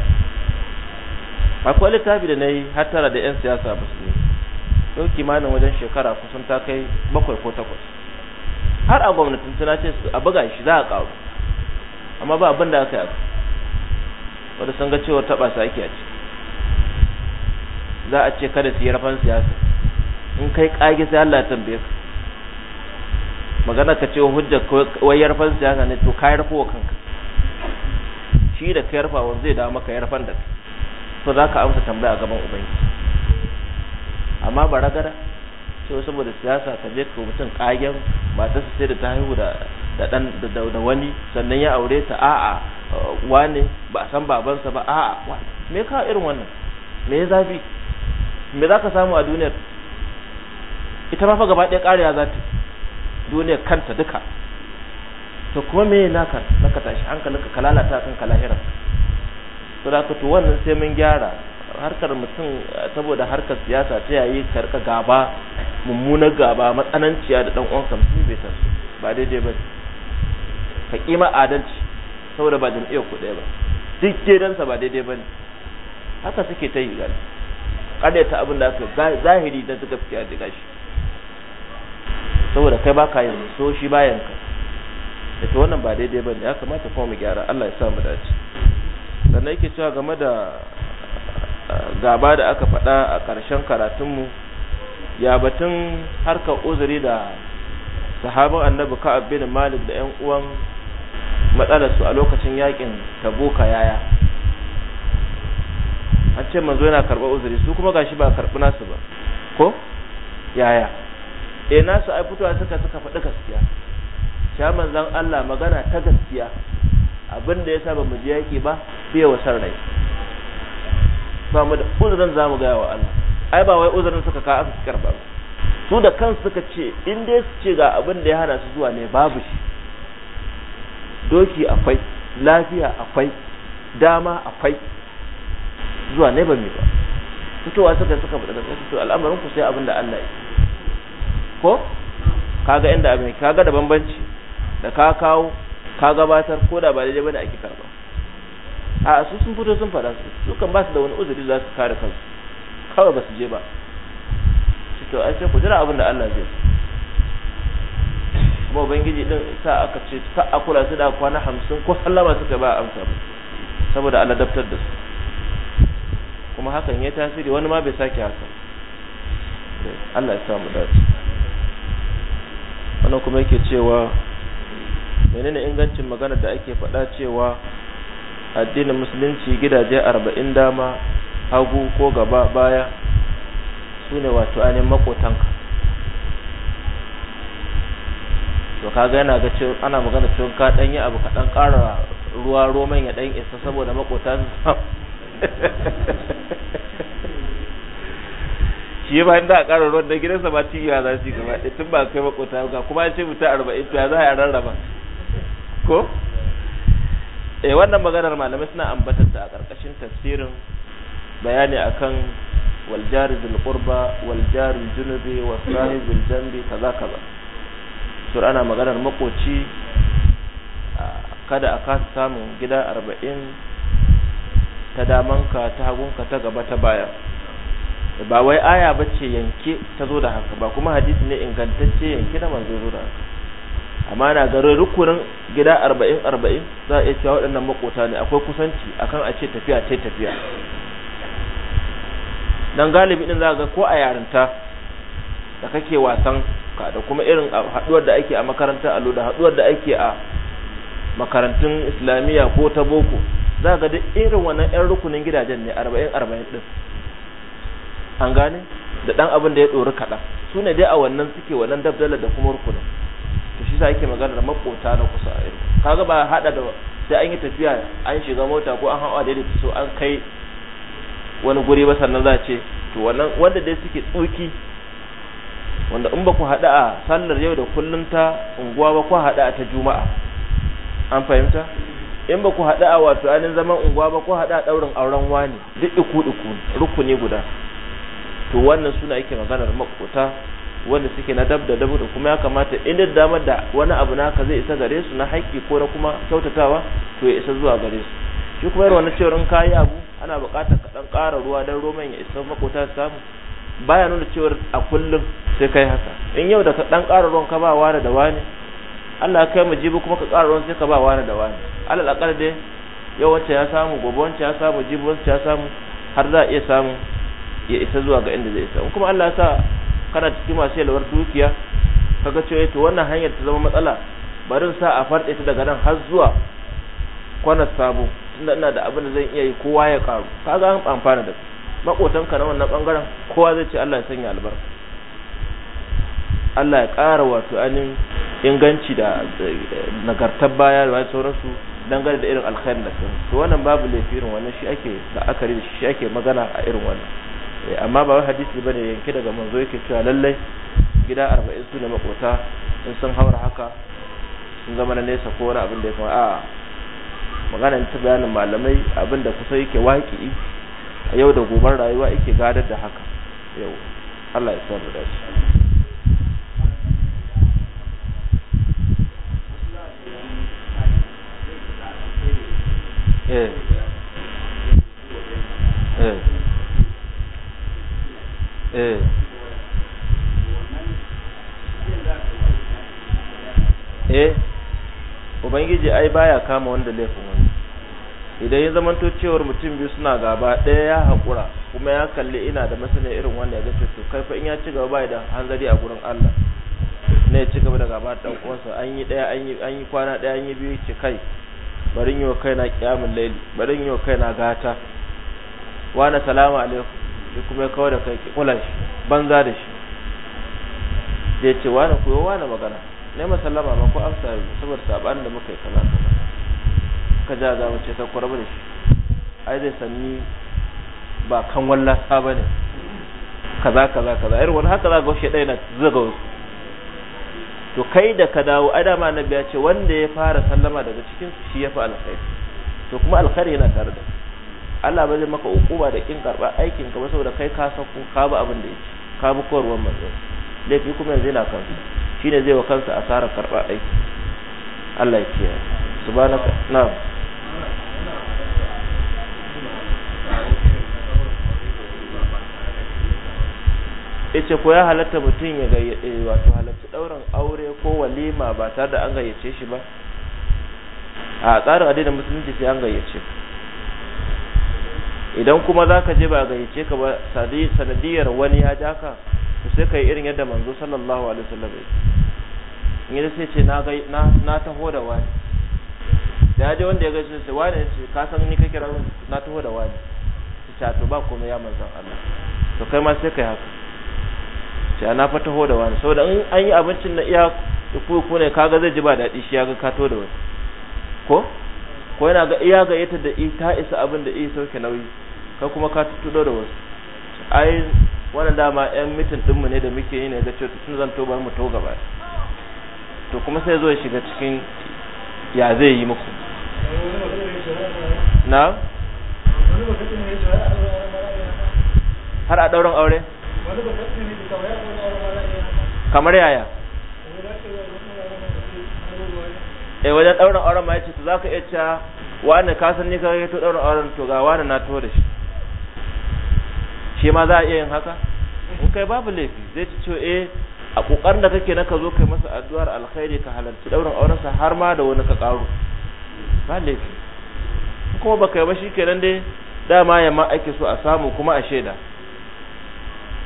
akwai littafi da na yi tara da 'yan siyasa musulmi ɗau kimanin wajen shekara kusan ta kai bakwai ko takwas har a gwamnatin tana ce su a buga shi za a ƙaru amma ba abin da aka yi wadda sun ga cewar taɓa su ake a ci. za a ce kada su yi rafan siyasa in kai ƙage sai Allah ya tambaye ka magana ka ce hujja wai yarfan siyasa haka ne to ka yarfa wa kanka shi da ka yarfa wa zai dawo maka yarfan da to za ka amsa tambaya a gaban ubangiji amma ba ragara cewa saboda siyasa ka je ka mutum kagen matar su sai da ta haihu da da wani sannan ya aure ta a'a wane ba san babansa ba a'a a me ka irin wannan me ya zafi me za ka samu a duniyar ita ma fa gaba ɗaya ƙariya za ta duniyar kanta duka to kuma me ka naka tashi hankali ka kalalata kan ka to da to wannan sai mun gyara harkar mutum saboda harkar siyasa ta yayi karka gaba mummunar gaba matsananciya da dan uwanka mutum bai san ba daidai ba ka kima adalci saboda ba jam'iyyar ku ɗaya ba duk gidansa ba daidai ba haka suke ta yi gani ta abin da aka zahiri da suka da gashi saboda kai baka yin so shi bayan ka ta wannan ba daidai bane ya kamata kuma mu gyara Allah ya sa mu dace sannan yake cewa game da eh, gaba da aka faɗa a ƙarshen karatunmu ya batun harkar uzuri da sahabin annabi ka bin malik da ƴan uwan matsalar su a lokacin yakin tabuka yaya an ce manzo yana karɓar uzuri su kuma gashi ba karɓi nasu ba ko yaya eh nasu ai fitowa suka suka faɗi gaskiya sha manzon Allah magana ta gaskiya abin da yasa mu ji yaki ba bai wa san rai ba mu da uzurin zamu ga wa Allah ai ba wai uzurin suka ka aka karba ba su da kansu suka ce in dai su ce ga abin da ya hana su zuwa ne babu shi doki akwai lafiya akwai dama akwai zuwa ne ba mai ba fitowa suka suka faɗa gaskiya to al'amarin ku sai abin da Allah ya ko kaga inda abin kaga da bambanci da ka kawo ka gabatar ko da ba daidai bane ake karba a su sun fito sun faɗa su su kan ba su da wani uzuri za su kare kansu kawai ba su je ba shi to ai sai ku jira abin da Allah zai kuma ubangiji din sa aka ce ta akula su da kwana hamsin ko sallama suka ba amsa ba saboda Allah daftar da su kuma hakan ya tasiri wani ma bai sake haka Allah ya samu dace wannan kuma yake cewa menene ingancin magana da ake faɗa cewa addinin musulunci gidaje arba'in dama hagu ko gaba baya su ne wato ainihin makotanka to kaga yana ga cewa ana magana cewa ka dan yi abu ka dan ƙara ruwa roman ya ɗan isa saboda makota su <laughs> shi ba inda a ƙara ruwan da gidansa ba ciyewa za su yi gaba ɗaya tun ba kai makota ga kuma ya ce mutum arba'in to za a rarraba ko eh wannan maganar malamai suna ambatar ta a ƙarƙashin tafsirin bayani akan wal jari bil qurba wal jari junubi was kaza kaza sur ana maganar makoci kada a kasa samun gida arba'in ta damanka ta hagunka ta gaba ta baya ba wai aya ba ce yanke ta zo da haka ba kuma hadisi ne ingantacce yanke da manzo zo da haka amma na garin rukunin gida 40 40 za a iya cewa waɗannan makota ne akwai kusanci akan a ce tafiya ce tafiya dan galibi din za ga ko a yarinta da kake wasan ka da kuma irin haduwar da ake a makarantar allo da haduwar da ake a makarantun islamiyya ko ta boko za ga duk irin wannan yan rukunin gidajen ne 40 40 din an gane da dan abin da ya dori kaɗan su ne dai a wannan suke wannan dabdala da kuma rukunin to shi sa yake magana da makota na kusa a irin kaga ba hada da sai an yi tafiya an shiga mota ko an hawa daidai so an kai wani guri ba sannan za a ce to wannan wanda dai suke tsoki wanda in ba ku haɗa a sallar yau da kullum ta unguwa ba ku haɗa a ta juma'a an fahimta in ba ku haɗa a wato anin zaman unguwa ba ku haɗa a ɗaurin auren wani duk iku iku rukuni guda to wannan suna yake maganar makota wanda suke na dab da dabu da kuma ya kamata inda damar da wani abu naka zai isa gare su na haƙƙi ko na kuma kyautatawa to ya isa zuwa gare su shi kuma yarwa na cewar in kayi abu ana buƙatar ka ɗan ƙara ruwa don roman ya isa makota samu baya nuna cewar a kullum sai kai haka in yau da ka ɗan ƙara ruwan ka ba wani da wani Allah kai mu jibi kuma ka ƙara ruwan sai ka ba wani da wani alal akal dai yau wancan ya samu gobe wancan ya samu jibi wancan ya samu har za a iya samun ya isa zuwa ga inda zai isa kuma Allah ya sa kana cikin masu yalwar dukiya kaga cewa eh, to wannan hanyar ta zama matsala barin sa a farɗe ta daga nan har zuwa kwana sabo tunda ina da abin da zan iya yi kowa ya karu kaga an amfana da ka na wannan bangaren kowa zai ce Allah ya sanya albarka Allah ya ƙara wato anin inganci da nagartar baya da sauransu dangane da irin alkhairin da su to wannan babu laifi irin wannan shi ake da akari da shi ake magana a irin wannan Eh, amma ba wai hadisi bane yanke daga manzo yake cewa lallai gida 40 su ne makota in sun haura haka sun zama na nesa ko wani abin da ya a magana ta bayanin malamai abinda kusa yake waƙi a yau da gobar rayuwa yake gadar da haka yau Allah ya samu da shi Yeah. eh eh ubangiji ai baya kama wanda laifin wani idan ya zamanto cewar mutum biyu suna gaba ɗaya ya haƙura kuma ya kalli ina da masana irin wanda ya zace to kai fa in ya ci gaba bai da hanzari a gurin Allah ne ya ci gaba da gaba ɗan uwansa an yi ɗaya an yi kwana ɗaya an yi biyu ce kai barin yi wa kaina ƙyamun laili barin yi wa kaina gata wani salama alaikum shi kuma ya kawo da kai ki kula shi banza da shi da ya ce wani koyo wani magana ne masallama ba ko amsa saboda sabanin da muka yi kaza kaza ka ja za mu ce ka kwarba da shi ai dai sanni ba kan walla ba ne kaza kaza kaza irin wani haka za ga shi ɗaya na zaga wasu to kai da ka dawo ai dama annabi ya ce wanda ya fara sallama daga cikin shi ya fi alkhairi to kuma alkhairi yana tare da Allah ba zai maka ukuba da kin karba aikin ka ba saboda kai ka sako ka ba abin da yake ka bi korwar manzo laifi kuma yanzu yana kansa shine zai wa kansa asarar karba aiki Allah ya kiyaye subhanaka na'am yace ko ya halatta mutum ya ga eh, wato halatta dauran aure ko walima ba tare da an gayyace shi ba a tsarin addinin musulunci sai an gayyace idan kuma za ka je ba gayyace ka ba sanadiyar wani ya ja ka to sai ka yi irin yadda manzo sallallahu alaihi wasallam ya yi sai ce na taho da wani da ya je wanda ya gaishe sai wani ya ce ka san ni ka kira na taho da wani ta to ba komai ya manzon Allah to kai ma sai kai haka ce na fa taho da wani saboda in an yi abincin na iya kuku ne kaga zai ji ba daɗi shi ya ga ka to da wani ko ko yana ga iya ga yata da ta isa abin da iya sauke nauyi ka kuma ka tuttudo da wasu ai wannan dama yan mitin ɗinmu ne da muke yi ne ga cewa tun zan to mu to gaba to kuma sai zo ya shiga cikin ya zai yi muku na har a ɗaurin aure kamar yaya eh wajen ɗaurin auren ma ya ce za ka iya cewa wani kasan ni ka to ɗaurin auren to ga wani na to da shi shi ma za a iya yin haka in kai babu laifi zai ci ciwo eh a kokarin da kake na ka zo kai masa addu'ar alkhairi ka halarci daurin aurensa har ma da wani ka karo ba laifi kuma baka yi ba kenan dai dama yamma ake so a samu kuma a shaida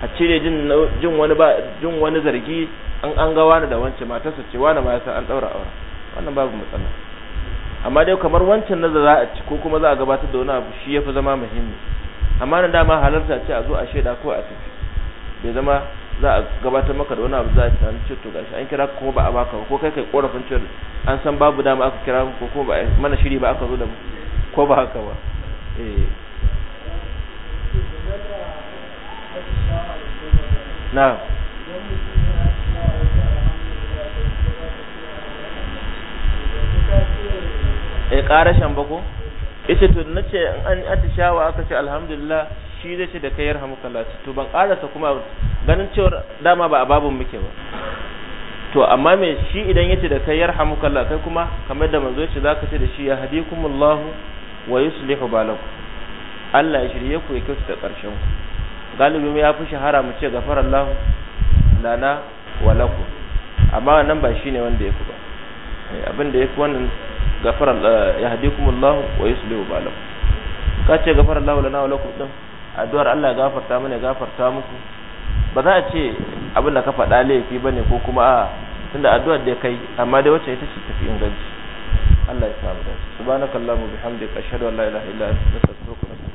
a cire jin jin wani ba jin wani zargi an an ga wani da wancan matarsa ce wani ma ya san an daura aure wannan babu matsala amma dai kamar wancan na za a ci ko kuma za a gabatar da wani abu shi yafi zama muhimmi amma nan dama halarta ce a zo a shaida ko a tafi bai zama za a gabatar maka da wani abu za a tunanin ce to gashi an kira kuma ba a baka ko kai kai korafin ce an san babu dama aka kira ko ko ba mana shiri ba aka zo da ko ba haka ba eh na e eh, ƙarashen ko yace to na ce in an atishawa aka ce alhamdulillah shi zai ce da kai muka Allah to ban karasa kuma ganin cewa dama ba a babun muke ba to amma me shi idan yace da kai yarhamuka Allah kai kuma kamar da manzo za zaka ce da shi ya hadikumullahu wa yuslihu balakum Allah ya shirye ku ya da karshen ku galibi mu fi shahara mu ce gafarallahu lana wa lakum amma nan ba shi ne wanda yafi ba eh, abin da yafi wannan gafara Allah wa yuslihu balakum ka ce gafara Allah lana wa lakum din addu'ar Allah ya gafarta mana ya gafarta muku ba za a ce abin da ka faɗa laifi bane ko kuma a tunda addu'ar da kai amma dai wacce ita ce tafi inganci Allah ya samu da subhanakallahu bihamdika ashhadu an la ilaha illa anta astaghfiruka wa atubu